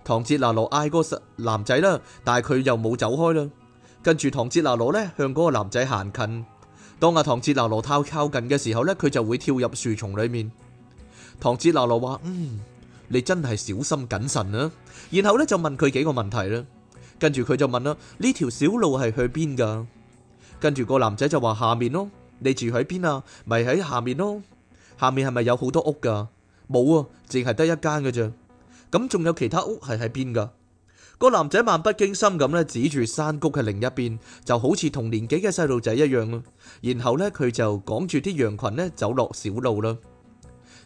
唐哲娜羅嗌嗰個男仔啦，但係佢又冇走開啦。跟住唐哲娜羅咧向嗰個男仔行近。當阿唐哲娜羅靠靠近嘅時候咧，佢就會跳入樹叢裏面。唐哲娜羅話：嗯，你真係小心謹慎啊。然後咧就問佢幾個問題啦。跟住佢就問啦：呢條小路係去邊噶？跟住個男仔就話：下面咯。你住喺邊啊？咪喺下面咯。下面係咪有好多屋噶？冇啊，淨係得一間噶咋。咁仲有其他屋係喺邊噶？個男仔漫不經心咁咧指住山谷嘅另一邊，就好似同年紀嘅細路仔一樣啊。然後咧佢就趕住啲羊群咧走落小路啦。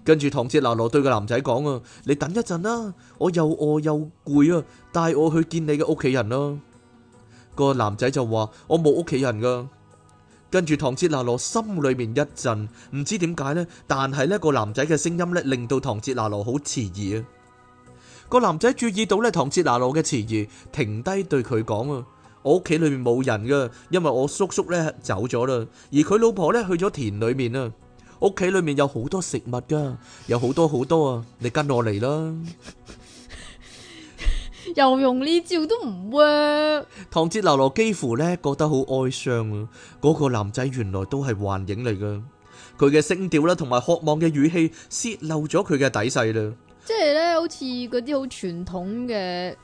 跟住唐哲娜羅對個男仔講啊：，你等一陣啦，我又餓又攰啊，帶我去見你嘅屋企人咯。個男仔就話：，我冇屋企人噶。跟住唐哲拿羅心裏面一震，唔知點解呢。但係呢個男仔嘅聲音呢，令到唐哲拿羅好遲疑啊！個男仔注意到呢，唐哲拿羅嘅遲疑，停低對佢講啊：我屋企裏面冇人噶，因為我叔叔呢走咗啦，而佢老婆呢去咗田裏面啊！屋企裏面有好多食物噶，有好多好多啊！你跟我嚟啦。又用呢招都唔 work。唐哲流羅幾乎咧覺得好哀傷啊！嗰、嗰個男仔原來都係幻影嚟噶，佢嘅聲調啦，同埋渴望嘅語氣，洩漏咗佢嘅底細啦。即係咧，好似嗰啲好傳統嘅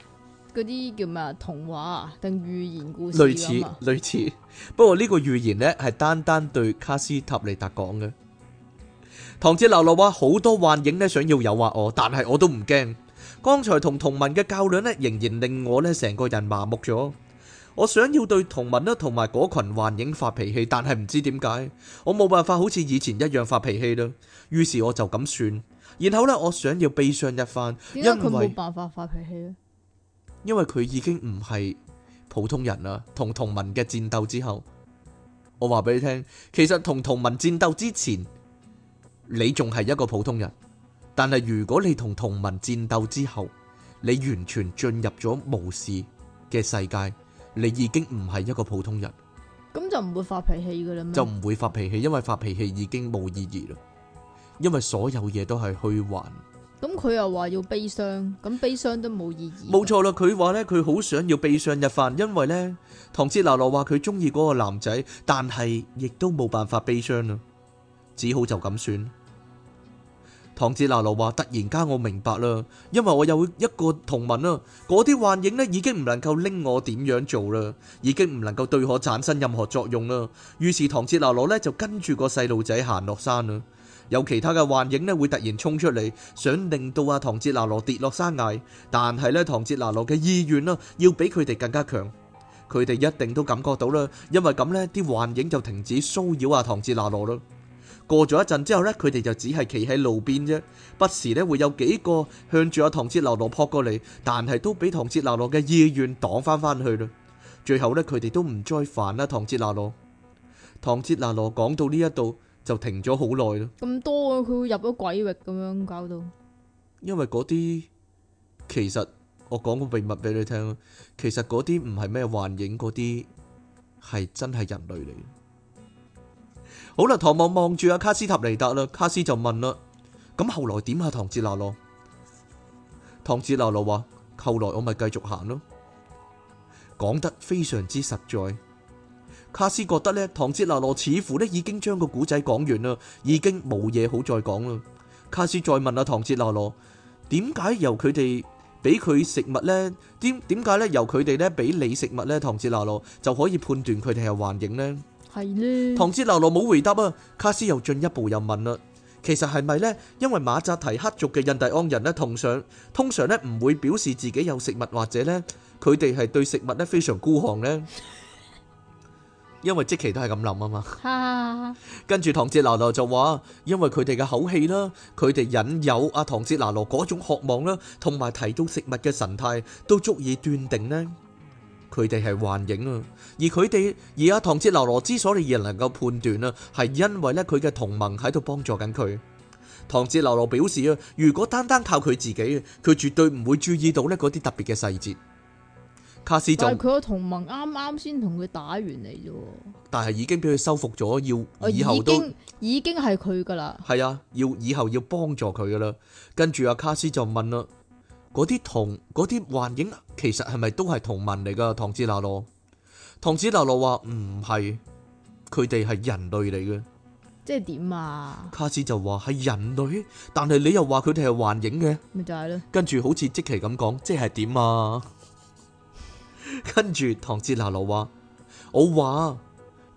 嗰啲叫咩啊，童話定、啊、寓言故事啊，類似，類似。不過呢個寓言呢，係單單對卡斯塔尼達講嘅。唐哲流羅話，好多幻影呢，想要誘惑我，但係我都唔驚。剛才同同文嘅較量呢，仍然令我呢成個人麻木咗。我想要對同文啦同埋嗰群幻影發脾氣，但係唔知點解，我冇辦法好似以前一樣發脾氣啦。於是我就咁算，然後呢，我想要悲傷一番，因為佢冇辦法發脾氣啦，因為佢已經唔係普通人啦。同同文嘅戰鬥之後，我話俾你聽，其實同同文戰鬥之前，你仲係一個普通人。但係如果你同同盟戰鬥之後，你完全進入咗巫士嘅世界，你已經唔係一個普通人。咁就唔會發脾氣噶啦？就唔會發脾氣，因為發脾氣已經冇意義啦。因為所有嘢都係虛幻。咁佢又話要悲傷，咁悲傷都冇意義。冇錯啦，佢話呢，佢好想要悲傷一番，因為呢，唐哲娜羅話佢中意嗰個男仔，但係亦都冇辦法悲傷啦，只好就咁算。唐哲拿羅話：突然間我明白啦，因為我有一個同文啦，嗰啲幻影咧已經唔能夠拎我點樣做啦，已經唔能夠對我產生任何作用啦。於是唐哲拿羅咧就跟住個細路仔行落山啦。有其他嘅幻影咧會突然衝出嚟，想令到阿唐哲拿羅跌落山崖，但係呢，唐哲拿羅嘅意願啦要比佢哋更加強，佢哋一定都感覺到啦，因為咁呢啲幻影就停止騷擾阿唐哲拿羅啦。過咗一陣之後呢，佢哋就只係企喺路邊啫，不時呢，會有幾個向住阿、啊、唐哲娜羅撲過嚟，但係都俾唐哲娜羅嘅意願擋返返去啦。最後呢，佢哋都唔再煩啦。唐哲娜羅，唐哲娜羅講到呢一度就停咗好耐啦。咁多佢、啊、會入咗鬼域咁樣搞到？因為嗰啲其實我講個秘密俾你聽，其實嗰啲唔係咩幻影，嗰啲係真係人類嚟。好啦，唐望望住阿卡斯塔尼達啦，卡斯就問啦：咁、嗯、後來點啊？唐哲拿羅，唐哲拿羅話：後來我咪繼續行咯。講得非常之實在。卡斯覺得咧，唐哲拿羅似乎咧已經將個古仔講完啦，已經冇嘢好再講啦。卡斯再問阿、啊、唐哲拿羅：點解由佢哋俾佢食物咧？點點解咧由佢哋咧俾你食物咧？唐哲拿羅就可以判斷佢哋係幻影咧？係咧，唐哲拿羅冇回答啊。卡斯又進一步又問啦：其實係咪咧？因為馬扎提克族嘅印第安人咧，通常通常咧唔會表示自己有食物，或者咧佢哋係對食物咧非常孤寒咧。因為即期都係咁諗啊嘛。跟住唐哲拿羅就話：因為佢哋嘅口氣啦，佢哋引誘阿唐哲拿羅嗰種渴望啦，同埋提到食物嘅神態，都足以斷定咧。佢哋係幻影啊！而佢哋而阿唐哲流羅之所以仍能夠判斷啊，係因為咧佢嘅同盟喺度幫助緊佢。唐哲流羅表示啊，如果單單靠佢自己，佢絕對唔會注意到咧嗰啲特別嘅細節。卡斯就佢個同盟啱啱先同佢打完嚟啫，但係已經俾佢收服咗，要以後都已經係佢噶啦。係啊，要以後要幫助佢噶啦。跟住阿卡斯就問啦。嗰啲同嗰啲幻影，其實係咪都係同盟嚟噶？唐哲娜羅，唐哲娜羅話唔係，佢哋係人類嚟嘅。即係點啊？卡斯就話係人類，但係你又話佢哋係幻影嘅，咪就係咯。跟住好似即奇咁講，即係點啊？跟住唐哲娜羅話：我話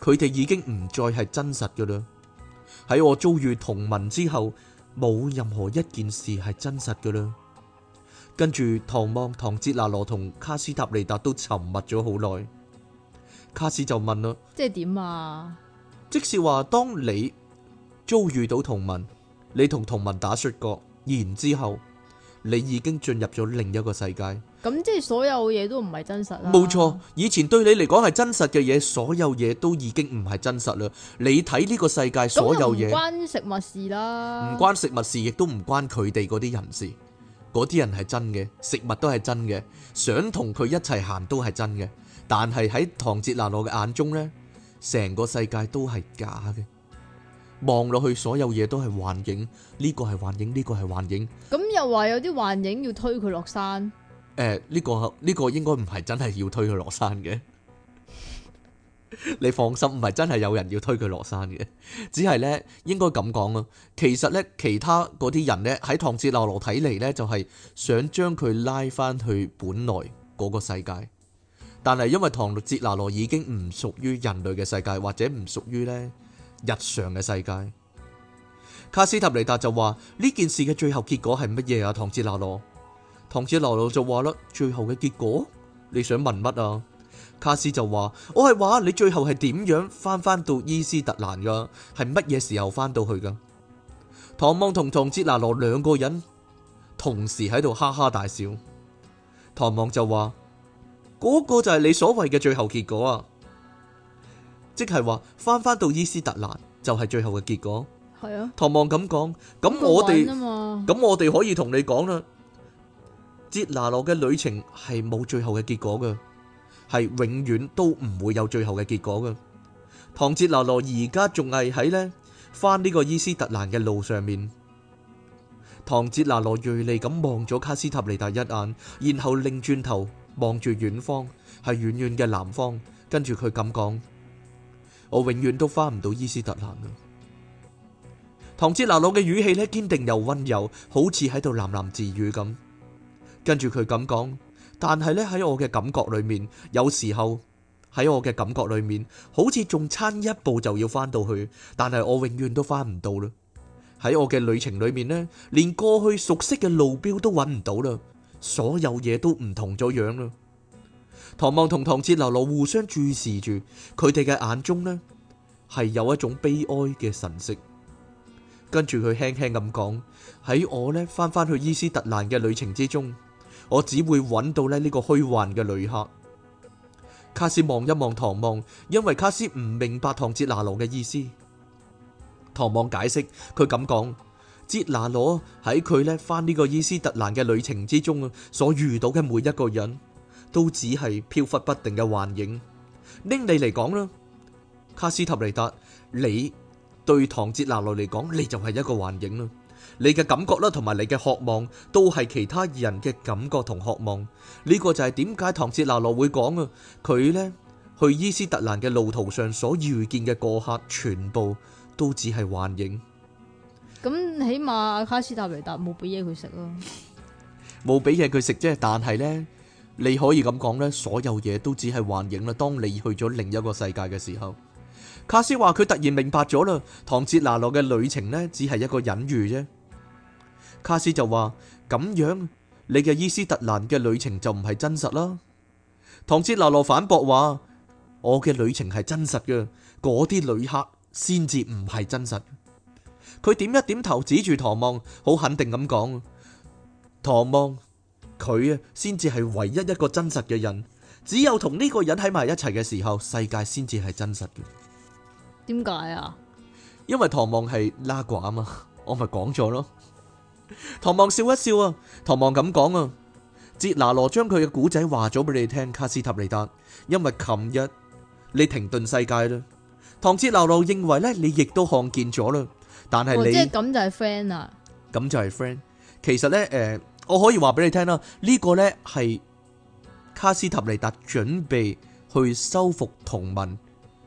佢哋已經唔再係真實噶啦，喺我遭遇同盟之後，冇任何一件事係真實噶啦。跟住唐望、唐哲、拿羅同卡斯塔尼達都沉默咗好耐。卡斯就問啦：即係點啊？即是話，當你遭遇到同盟，你同同盟打摔過，然之後你已經進入咗另一個世界。咁即係所有嘢都唔係真實啦。冇錯，以前對你嚟講係真實嘅嘢，所有嘢都已經唔係真實啦。你睇呢個世界所有嘢，唔關食物事啦，唔關食物事，亦都唔關佢哋嗰啲人事。嗰啲人係真嘅，食物都係真嘅，想同佢一齊行都係真嘅。但係喺唐哲拿羅嘅眼中呢，成個世界都係假嘅，望落去所有嘢都係幻影。呢、這個係幻影，呢、這個係幻影。咁又話有啲幻影要推佢落山。誒、呃，呢、這個呢、這個應該唔係真係要推佢落山嘅。 你放心，唔係真係有人要推佢落山嘅， 只係呢，應該咁講啊。其實呢，其他嗰啲人呢，喺唐哲娜羅睇嚟呢，就係、是、想將佢拉翻去本來嗰個世界。但係因為唐哲娜羅已經唔屬於人類嘅世界，或者唔屬於呢日常嘅世界。卡斯塔尼達就話呢件事嘅最後結果係乜嘢啊？唐哲娜羅，唐哲娜羅就話啦，最後嘅結果你想問乜啊？卡斯就話：我係話你最後係點樣翻返到伊斯特蘭噶？係乜嘢時候翻到去噶？唐望同唐哲拿羅兩個人同時喺度哈哈大笑。唐望就話：嗰、那個就係你所謂嘅最後結果啊！即係話翻返到伊斯特蘭就係最後嘅結果。係啊。唐望咁講，咁、嗯、我哋咁、啊、我哋可以同你講啦。哲拿羅嘅旅程係冇最後嘅結果噶。係永遠都唔會有最後嘅結果噶。唐哲拿羅而家仲係喺呢翻呢個伊斯特蘭嘅路上面。唐哲拿羅銳利咁望咗卡斯塔尼達一眼，然後擰轉頭望住遠方，係遠遠嘅南方。跟住佢咁講：我永遠都翻唔到伊斯特蘭啊。唐哲拿羅嘅語氣呢堅定又温柔，好似喺度喃喃自語咁。跟住佢咁講。但係咧喺我嘅感覺裏面，有時候喺我嘅感覺裏面，好似仲差一步就要翻到去，但係我永遠都翻唔到啦。喺我嘅旅程裏面咧，連過去熟悉嘅路標都揾唔到啦，所有嘢都唔同咗樣啦。唐望同唐哲流流互相注視住，佢哋嘅眼中咧係有一種悲哀嘅神色。跟住佢輕輕咁講，喺我咧翻翻去伊斯特蘭嘅旅程之中，我只會揾到咧呢個虛幻嘅旅客。卡斯望一望唐望，因為卡斯唔明白唐哲拿羅嘅意思。唐望解釋，佢咁講，哲拿羅喺佢咧翻呢個伊斯特蘭嘅旅程之中啊，所遇到嘅每一個人都只係飄忽不定嘅幻影。拎你嚟講啦，卡斯塔尼達，你對唐哲拿羅嚟講，你就係一個幻影啦。你嘅感覺啦，同埋你嘅渴望，都係其他人嘅感覺同渴望。呢個就係點解唐哲拿諾會講啊，佢咧去伊斯特蘭嘅路途上所遇見嘅過客，全部都只係幻影。咁起碼卡斯達維達冇俾嘢佢食咯，冇俾嘢佢食啫。但係咧，你可以咁講咧，所有嘢都只係幻影啦。當你去咗另一個世界嘅時候，卡斯話佢突然明白咗啦。唐哲拿諾嘅旅程咧，只係一個隱喻啫。卡斯就話：咁樣，你嘅伊斯特蘭嘅旅程就唔係真實啦。唐哲拿羅，羅反駁話：我嘅旅程係真實嘅，嗰啲旅客先至唔係真實。佢點一點頭，指住唐望，好肯定咁講：唐望，佢啊，先至係唯一一個真實嘅人。只有同呢個人喺埋一齊嘅時候，世界先至係真實嘅。點解啊？因為唐望係拉寡啊嘛，我咪講咗咯。唐望笑一笑啊，唐望咁講啊，哲拿羅將佢嘅古仔話咗俾你聽，卡斯塔尼達，因為琴日你停頓世界啦，唐哲拿羅認為咧你亦都看見咗啦，但係你咁、哦、即就係 friend 啦、啊，咁就係 friend，其實咧，誒、呃，我可以話俾你聽啦，呢、這個咧係卡斯塔尼達準備去收復同盟。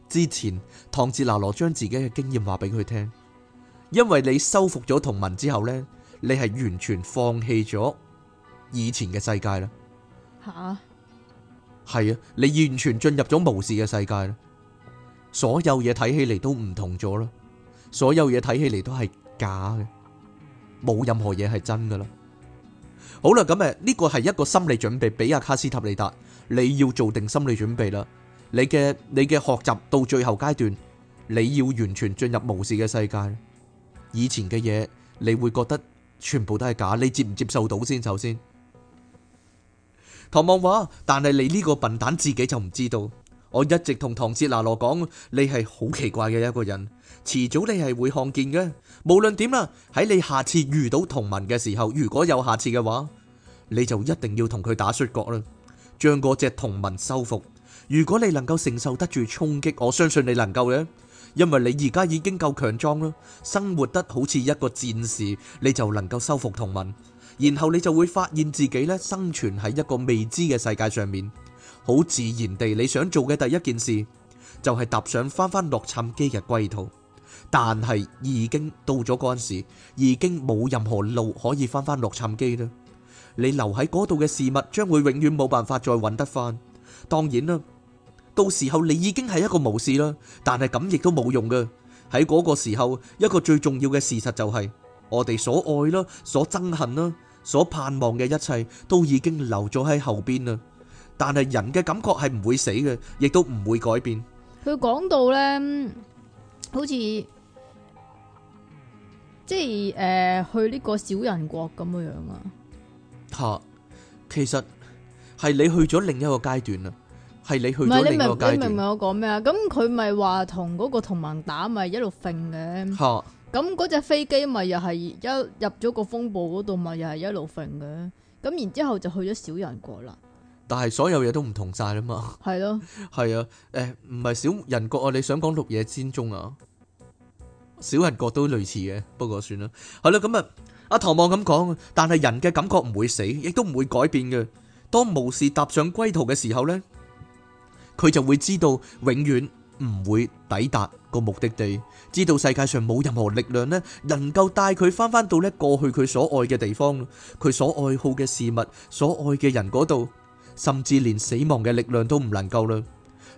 之前，唐哲拿羅將自己嘅經驗話俾佢聽，因為你收復咗同盟之後咧。你係完全放棄咗以前嘅世界啦，吓，係啊，你完全進入咗巫士嘅世界啦，所有嘢睇起嚟都唔同咗啦，所有嘢睇起嚟都係假嘅，冇任何嘢係真噶啦。好啦，咁誒呢個係一個心理準備，俾阿卡斯塔利達，你要做定心理準備啦。你嘅你嘅學習到最後階段，你要完全進入巫士嘅世界，以前嘅嘢你會覺得。全部都係假，你接唔接受到先？首先，唐望話：，但係你呢個笨蛋自己就唔知道。我一直同唐哲拿羅講，你係好奇怪嘅一個人，遲早你係會看見嘅。無論點啦，喺你下次遇到同文嘅時候，如果有下次嘅話，你就一定要同佢打摔角啦，將嗰隻同文收服。如果你能夠承受得住衝擊，我相信你能夠嘅。因為你而家已經夠強壯啦，生活得好似一個戰士，你就能夠收復同盟，然後你就會發現自己咧生存喺一個未知嘅世界上面，好自然地你想做嘅第一件事就係、是、踏上翻翻洛杉磯嘅歸途，但係已經到咗嗰陣時，已經冇任何路可以翻翻洛杉磯啦，你留喺嗰度嘅事物將會永遠冇辦法再搵得翻，當然啦。到時候你已經係一個無事啦，但係咁亦都冇用嘅。喺嗰個時候，一個最重要嘅事實就係我哋所愛啦、所憎恨啦、所盼望嘅一切都已經留咗喺後邊啦。但係人嘅感覺係唔會死嘅，亦都唔會改變。佢講到咧，好似即係誒去呢個小人國咁樣樣啊。吓，其實係你去咗另一個階段啦。係你去咗另一個階段。唔係，你明你明唔明我講咩啊？咁佢咪話同嗰個同盟打咪一路揈嘅。吓。咁嗰隻飛機咪又係一入咗個風暴嗰度咪又係一路揈嘅。咁然之後就去咗小人國啦。但係所有嘢都唔同晒啦嘛。係咯。係啊。誒，唔係小人國啊，你想講綠野仙蹤啊？小人國都類似嘅，不過算啦。係咯。咁啊，阿唐望咁講，但係人嘅感覺唔會死，亦都唔會改變嘅。當巫士踏上歸途嘅時候呢。佢就會知道永遠唔會抵達個目的地，知道世界上冇任何力量咧，能夠帶佢翻翻到咧過去佢所愛嘅地方，佢所愛好嘅事物，所愛嘅人嗰度，甚至連死亡嘅力量都唔能夠啦。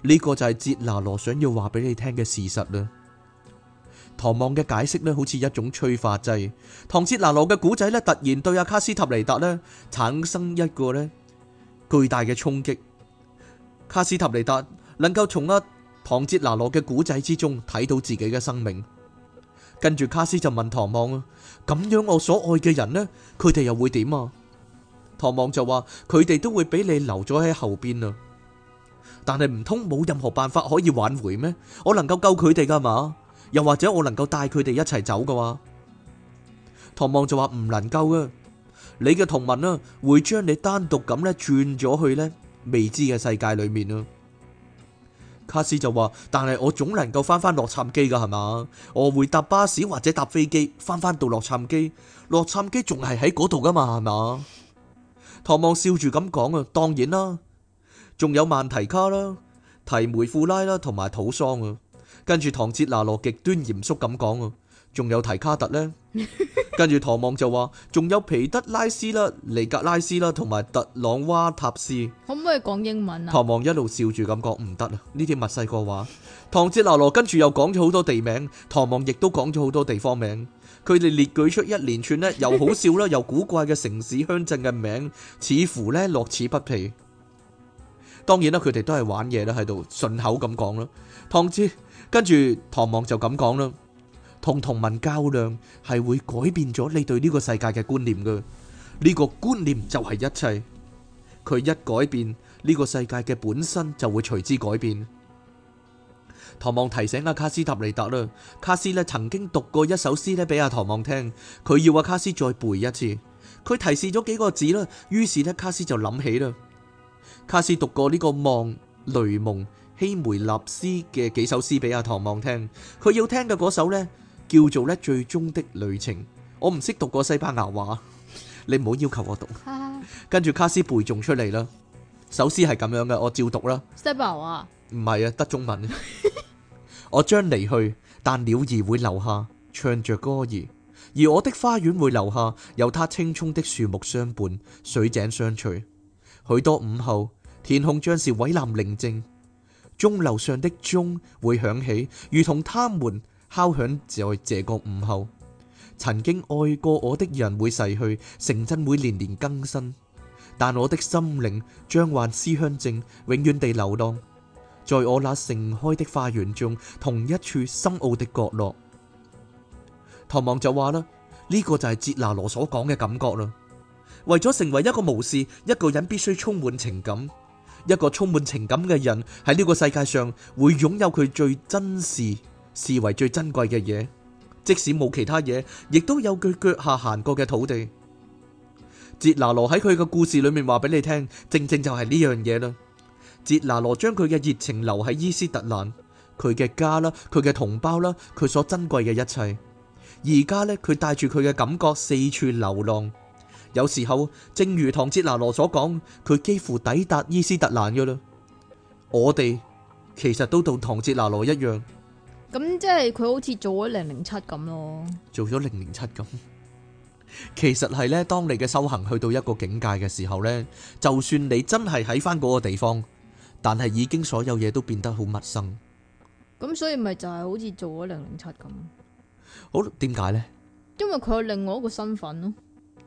呢、這個就係哲拿羅想要話俾你聽嘅事實啦。唐望嘅解釋咧，好似一種催化劑，唐哲拿羅嘅古仔咧，突然對阿卡斯塔尼達咧產生一個咧巨大嘅衝擊。卡斯塔尼達能夠從一唐哲拿羅嘅古仔之中睇到自己嘅生命，跟住卡斯就問唐望啊：咁樣我所愛嘅人呢？佢哋又會點啊？唐望就話：佢哋都會俾你留咗喺後邊啊！但係唔通冇任何辦法可以挽回咩？我能夠救佢哋噶嘛？又或者我能夠帶佢哋一齊走噶？話唐望就話唔能夠啊！你嘅同盟啊，會將你單獨咁咧轉咗去呢。未知嘅世界裏面咯，卡斯就話：但係我總能夠翻翻洛杉磯噶係嘛？我會搭巴士或者搭飛機翻翻到洛杉磯，洛杉磯仲係喺嗰度噶嘛，係嘛？唐望笑住咁講啊，當然啦，仲有曼提卡啦、提梅富拉啦同埋土桑啊。跟住唐哲拿羅極端嚴肅咁講啊。仲有提卡特呢，跟住 唐望就話，仲有皮德拉斯啦、尼格拉斯啦，同埋特朗瓦塔斯。可唔可以講英文啊？唐望一路笑住咁講，唔得啊！呢啲墨西哥話。唐哲拿羅跟住又講咗好多地名，唐望亦都講咗好多地方名。佢哋列舉出一連串呢，又好笑啦，又古怪嘅城市鄉鎮嘅名， 似乎呢樂此不疲。當然啦，佢哋都係玩嘢啦，喺度順口咁講啦。唐哲跟住唐望就咁講啦。同同文較量係會改變咗你對呢個世界嘅觀念噶呢個觀念就係一切。佢一改變，呢個世界嘅本身就會隨之改變。唐望提醒阿卡斯塔尼達啦，卡斯咧曾經讀過一首詩咧俾阿唐望聽，佢要阿卡斯再背一次。佢提示咗幾個字啦，於是咧卡斯就諗起啦。卡斯讀過呢個望雷蒙希梅納斯嘅幾首詩俾阿唐望聽，佢要聽嘅嗰首咧，叫做咧最終的旅程，我唔識讀過西班牙話，你唔好要求我讀。跟住卡斯背誦出嚟啦，首詩係咁樣嘅，我照讀啦。西班牙話唔係啊，得中文。我將離去，但鳥兒會留下唱着歌兒，而我的花園會留下，有它青蔥的樹木相伴，水井相隨。許多午後，天空將是蔚藍寧靜，鐘樓上的鐘會響起，如同他們，敲響在這個午後，曾經愛過我的人會逝去，城鎮會年年更新，但我的心靈將患思鄉症永遠地流浪。在我那盛開的花園中，同一處深奧的角落，唐望就話啦：呢、這個就係哲拿羅所講嘅感覺啦。為咗成為一個巫士，一個人必須充滿情感，一個充滿情感嘅人喺呢個世界上會擁有佢最真實視為最珍貴嘅嘢，即使冇其他嘢，亦都有佢腳下行過嘅土地。捷拿羅喺佢嘅故事裏面話俾你聽，正正就係呢樣嘢啦。捷拿羅將佢嘅熱情留喺伊斯特蘭，佢嘅家啦，佢嘅同胞啦，佢所珍貴嘅一切。而家呢，佢帶住佢嘅感覺四處流浪，有時候正如唐捷拿羅所講，佢幾乎抵達伊斯特蘭㗎喇。我哋其實都同唐捷拿羅一樣。咁即係佢好似做咗零零七咁咯，做咗零零七咁。其實係咧，當你嘅修行去到一個境界嘅時候咧，就算你真係喺翻嗰個地方，但係已經所有嘢都變得好陌生。咁所以咪就係好似做咗零零七咁。好，點解咧？因為佢有另外一個身份咯。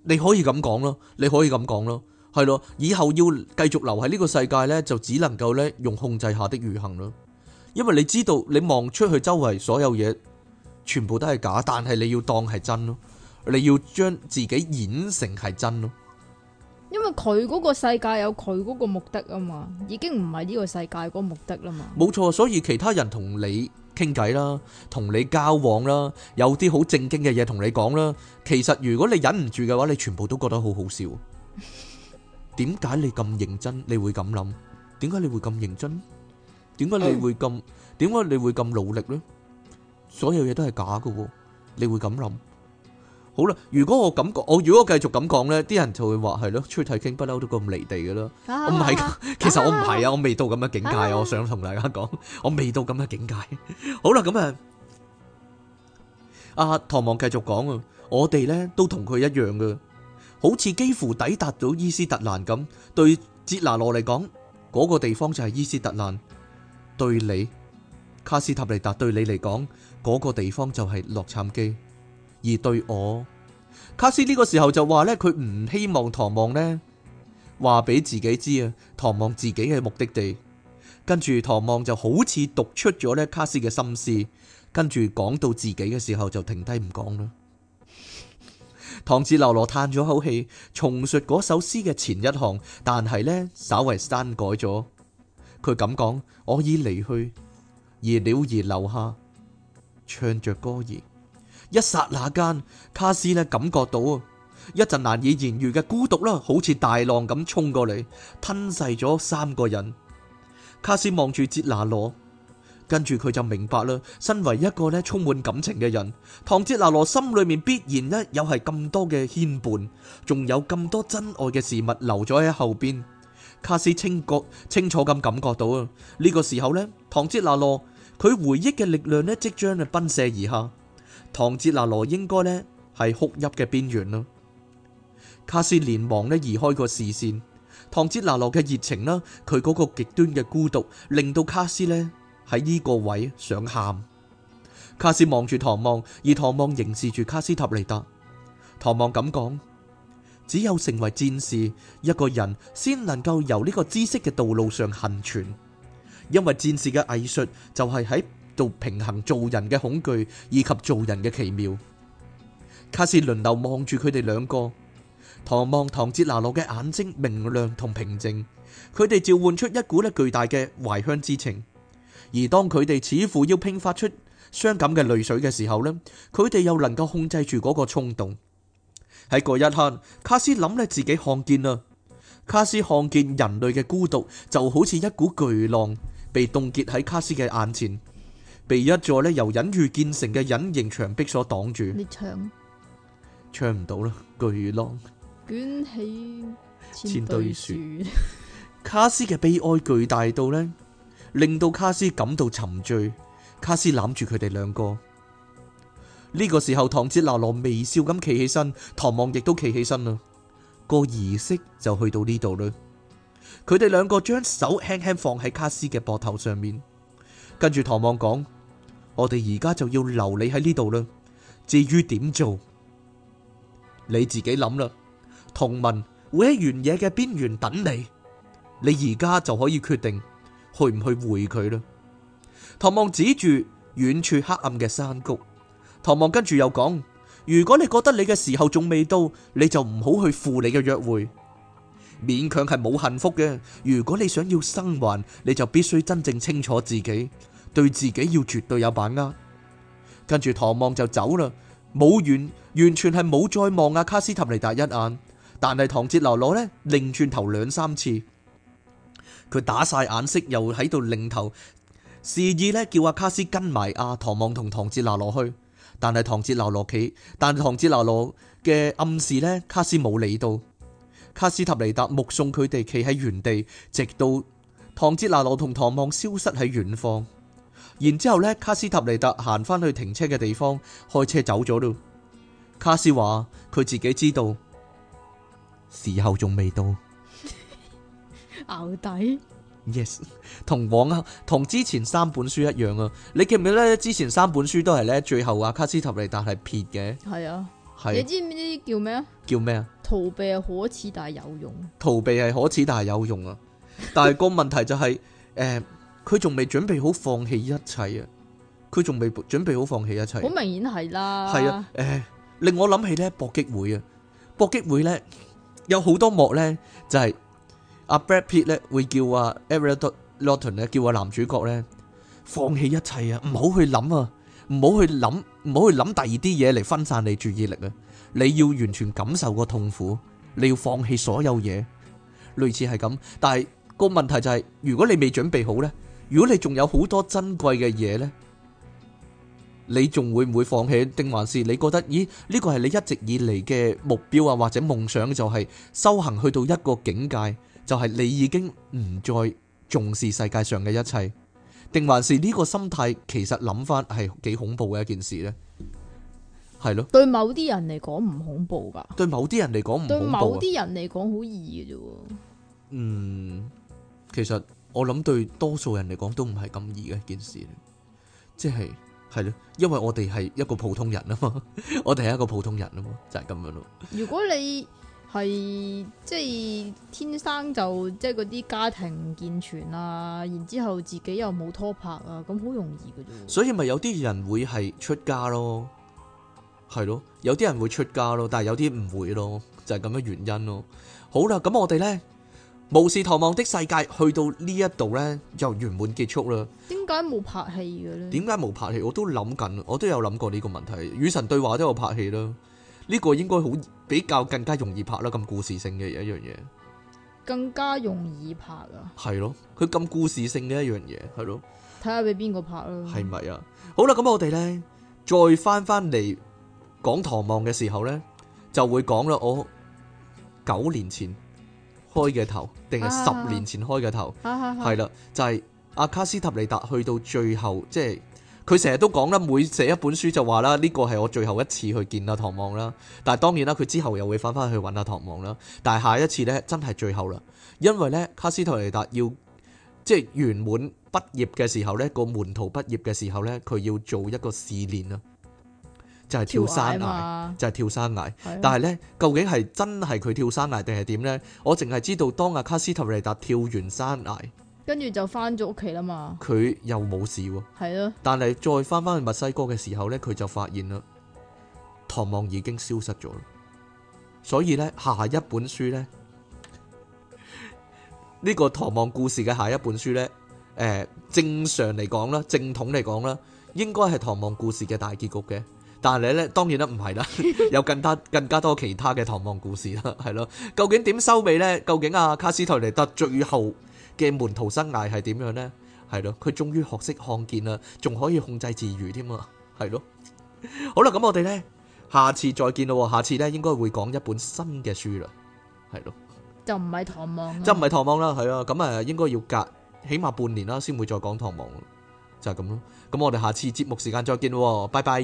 你可以咁講咯，你可以咁講咯，係咯。以後要繼續留喺呢個世界咧，就只能夠咧用控制下的餘行咯。因為你知道你望出去周圍所有嘢全部都係假，但係你要當係真咯，你要將自己演成係真咯。因為佢嗰個世界有佢嗰個目的啊嘛，已經唔係呢個世界嗰個目的啦嘛。冇錯，所以其他人同你傾偈啦，同你交往啦，有啲好正經嘅嘢同你講啦。其實如果你忍唔住嘅話，你全部都覺得好好笑。點解 你咁認真？你會咁諗？點解你會咁認真？點解你會咁點解你會咁努力咧？所有嘢都係假嘅，你會咁諗。好啦，如果我感覺我如果繼續咁講咧，啲人就會話係咯。出去睇傾不嬲都咁離地嘅啦，我唔係其實我唔係啊，我未到咁嘅境界。我想同大家講，我未到咁嘅境界。好啦，咁啊，阿唐王繼續講啊，我哋咧都同佢一樣嘅，好似幾乎抵達到伊斯特蘭咁。對捷拿羅嚟講，嗰個地方就係伊斯特蘭。對你，卡斯塔尼達對你嚟講，嗰個地方就係洛杉磯。而對我，卡斯呢個時候就話呢，佢唔希望唐望呢話俾自己知啊，唐望自己嘅目的地。跟住唐望就好似讀出咗呢卡斯嘅心思，跟住講到自己嘅時候就停低唔講啦。唐字流羅嘆咗口氣，重述嗰首詩嘅前一行，但係呢，稍為刪改咗。佢咁講，我已離去，而鳥兒留下，唱着歌兒。一剎那間，卡斯咧感覺到啊，一陣難以言喻嘅孤獨啦，好似大浪咁衝過嚟，吞噬咗三個人。卡斯望住哲拿羅，跟住佢就明白啦。身為一個咧充滿感情嘅人，唐哲拿羅心裏面必然咧有係咁多嘅牽絆，仲有咁多珍愛嘅事物留咗喺後邊。卡斯清覺清楚咁感覺到啊，呢、呢個時候呢，唐哲娜洛佢回憶嘅力量呢，即將係奔瀉而下，唐哲娜洛應該呢，係哭泣嘅邊緣啦。卡斯連忙呢移開個視線，唐哲娜洛嘅熱情啦，佢嗰個極端嘅孤獨，令到卡斯呢喺呢個位想喊。卡斯望住唐望，而唐望凝視住卡斯塔尼達，唐望咁講。只有成為戰士，一個人先能夠由呢個知識嘅道路上幸存，因為戰士嘅藝術就係喺度平衡做人嘅恐懼以及做人嘅奇妙。卡士輪流望住佢哋兩個，唐望、唐哲拿洛嘅眼睛明亮同平靜，佢哋召喚出一股咧巨大嘅懷鄉之情。而當佢哋似乎要迸發出傷感嘅淚水嘅時候咧，佢哋又能夠控制住嗰個衝動。喺嗰一刻，卡斯諗你自己看見啦。卡斯看見人類嘅孤獨，就好似一股巨浪，被凍結喺卡斯嘅眼前，被一座咧由隱喻建成嘅隱形牆壁所擋住。你唱，唱唔到啦！巨浪捲起千堆雪。 卡斯嘅悲哀巨大到呢，令到卡斯感到沉醉。卡斯攬住佢哋兩個。呢個時候，唐哲拿羅微笑咁企起身，唐望亦都企起身啦。個儀式就去到呢度啦。佢哋兩個將手輕輕放喺卡斯嘅膊頭上面，跟住唐望講：我哋而家就要留你喺呢度啦。至於點做，你自己諗啦。唐文會喺原野嘅邊緣等你，你而家就可以決定去唔去回佢啦。唐望指住遠處黑暗嘅山谷。唐望跟住又講：如果你覺得你嘅時候仲未到，你就唔好去赴你嘅約會，勉強係冇幸福嘅。如果你想要生還，你就必須真正清楚自己，對自己要絕對有把握。跟住唐望就走啦，冇完完全係冇再望阿卡斯塔尼達一眼。但係唐哲拿羅咧擰轉頭兩三次，佢打晒眼色，又喺度擰頭示意咧叫阿卡斯跟埋阿唐望同唐哲拿羅去。但係唐哲拿羅企，但唐哲拿羅嘅暗示呢，卡斯冇理到。卡斯塔尼達目送佢哋企喺原地，直到唐哲拿羅同唐望消失喺遠方。然之後咧，卡斯塔尼達行翻去停車嘅地方，開車走咗咯。卡斯話佢自己知道時候仲未到。 牛弟。yes，同往啊，同之前三本書一樣啊，你記唔記得咧？之前三本書都係咧，最後啊，卡斯塔利達係撇嘅，係啊，係。你知唔知叫咩啊？叫咩啊？逃避係可恥但係有用，逃避係可恥但係有用啊，但係個問題就係、是，誒、 呃，佢仲未準備好放棄一切啊，佢仲未準備好放棄一切，好明顯係啦，係啊，誒、呃，令我諗起咧搏擊會啊，搏擊會咧有好多幕咧就係、是。阿 Brad Pitt 咧會叫阿 Edward Norton 咧叫個男主角咧放棄一切啊，唔好去諗啊，唔好去諗，唔好去諗第二啲嘢嚟分散你注意力啊！你要完全感受個痛苦，你要放棄所有嘢，類似係咁。但係個問題就係，如果你未準備好咧，如果你仲有好多珍貴嘅嘢咧，你仲會唔會放棄？定還是你覺得，咦？呢個係你一直以嚟嘅目標啊，或者夢想就係修行去到一個境界？就係你已經唔再重視世界上嘅一切，定還是呢個心態？其實諗翻係幾恐怖嘅一件事呢，係咯。對某啲人嚟講唔恐怖噶，對某啲人嚟講唔恐怖，對某啲人嚟講好易嘅啫。嗯，其實我諗對多數人嚟講都唔係咁易嘅一件事，即係係咯，因為我哋係一個普通人啊嘛，我哋係一個普通人啊嘛，就係咁樣咯。如果你係即係天生就即係嗰啲家庭健全啊，然之後自己又冇拖拍啊，咁好容易嘅啫。所以咪有啲人會係出家咯，係咯，有啲人會出家咯，但係有啲唔會咯，就係咁嘅原因咯。好啦，咁我哋呢，巫士唐望的世界去到呢一度呢，就圓滿結束啦。點解冇拍戲嘅咧？點解冇拍戲？我都諗緊，我都有諗過呢個問題。與神對話都有拍戲啦。呢個應該好比較更加容易拍啦，咁故事性嘅一樣嘢，更加容易拍啊！係咯，佢咁故事性嘅一樣嘢，係咯。睇下俾邊個拍咯，係咪啊？好啦，咁我哋咧再翻翻嚟講唐望嘅時候咧，就會講啦，我九年前開嘅頭，定係十年前開嘅頭，係啦、啊啊啊啊，就係、是、阿卡斯塔尼達去到最後，即、就、係、是。佢成日都講啦，每寫一本書就話啦，呢個係我最後一次去見阿唐望啦。但係當然啦，佢之後又會翻翻去揾阿唐望啦。但係下一次呢，真係最後啦，因為呢，卡斯特雷達要即係圓滿畢業嘅時候呢，個門徒畢業嘅時候呢，佢要做一個試練啊，就係、是、跳山崖，就係跳山崖。的但係呢，究竟係真係佢跳山崖定係點呢？我淨係知道當阿卡斯特雷達跳完山崖。跟住就翻咗屋企啦嘛，佢又冇事喎，係咯的。但係再翻翻去墨西哥嘅時候呢，佢就發現啦，唐望已經消失咗。所以呢，下一本書呢，呢 個唐望故事嘅下一本書呢，誒、呃，正常嚟講啦，正統嚟講啦，應該係唐望故事嘅大結局嘅。但係咧，當然啦，唔係啦，有更加更加多其他嘅唐望故事啦，係咯。究竟點收尾呢？究竟阿卡斯泰尼德最後？嘅門徒生涯係點樣咧？係咯，佢終於學識看見啦，仲可以控制自如添啊，係咯。好啦，咁我哋咧下次再見咯，下次咧應該會講一本新嘅書啦，係咯。就唔係唐望，就唔係唐望啦，係啊，咁啊應該要隔起碼半年啦，先會再講唐望，就係咁咯。咁我哋下次節目時間再見咯，拜拜。